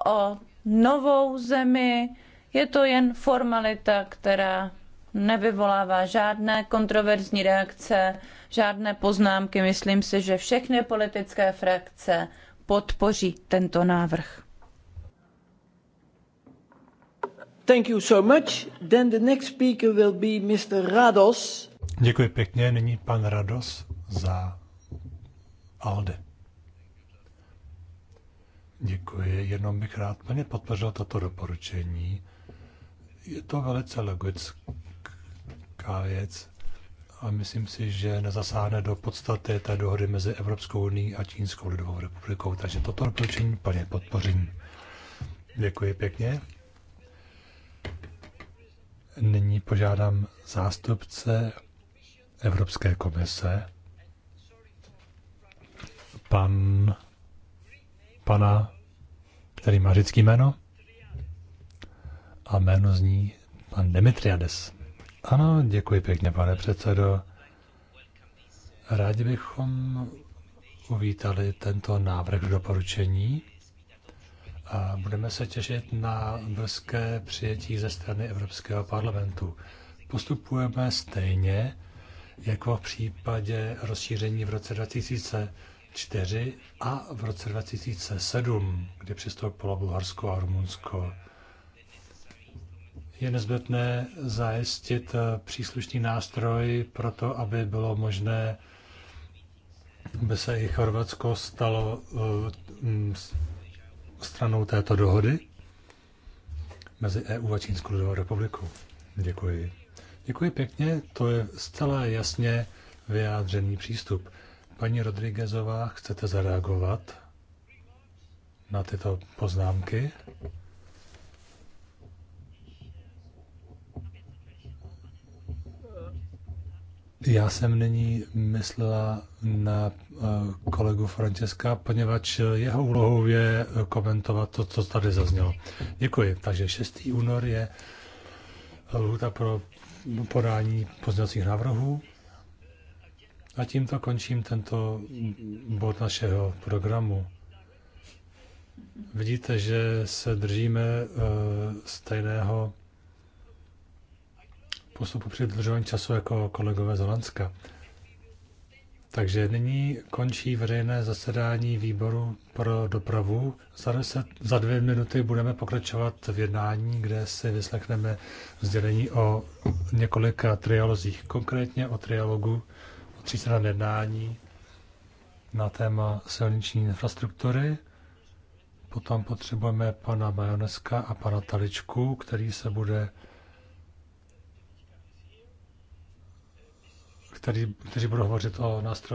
o novou zemi. Je to jen formalita, která nevyvolává žádné kontroverzní reakce, žádné poznámky. Myslím si, že všechny politické frakce podpoří tento návrh. Thank you so much. Then the next speaker will be Mr. Rados. Děkuji pěkně. Nyní pan Rados za ALDE. Děkuji. Jenom bych rád plně podpořil toto doporučení. Je to velice logická věc a myslím si, že nezasáhne do podstaty té dohody mezi Evropskou unii a Čínskou lidovou republikou. Takže toto doporučení plně podpořím. Děkuji pěkně. Nyní požádám zástupce Evropské komise, pan, pana, který má řecký jméno, a jméno zní pan Dimitriades. Ano, děkuji pěkně, pane předsedo. Rádi bychom uvítali tento návrh doporučení a budeme se těšit na brzké přijetí ze strany Evropského parlamentu. Postupujeme stejně jako v případě rozšíření v roce 2004 a v roce 2007, kdy přistoupilo Bulharsko a Rumunsko je nezbytné zajistit eh, příslušný nástroj pro to, aby bylo možné, aby se i Chorvatsko stalo eh, stranou této dohody mezi EU a Čínskou lidovou republikou. Děkuji. Děkuji pěkně, to je zcela jasně vyjádřený přístup. Paní Rodriguezová, chcete zareagovat na tyto poznámky? Já jsem nyní myslela na eh, kolegu Francesca, poněvadž jeho úlohou je komentovat to, co tady zaznělo. Děkuji. Takže 6. únor je lhuta pro podání pozdělacích návrhů. A tímto končím tento bod našeho programu. Vidíte, že se držíme eh, stejného postupu při dodržování času jako kolegové z Holandska. Takže nyní končí veřejné zasedání výboru pro dopravu. Za, deset, za dvě minuty budeme pokračovat v jednání, kde si vyslechneme sdělení o několika trialozích, konkrétně o trialogu o třístraném jednání na téma silniční infrastruktury. Potom potřebujeme pana Majoneska a pana Taličku, který se bude který, kteří budou hovořit o nástrojích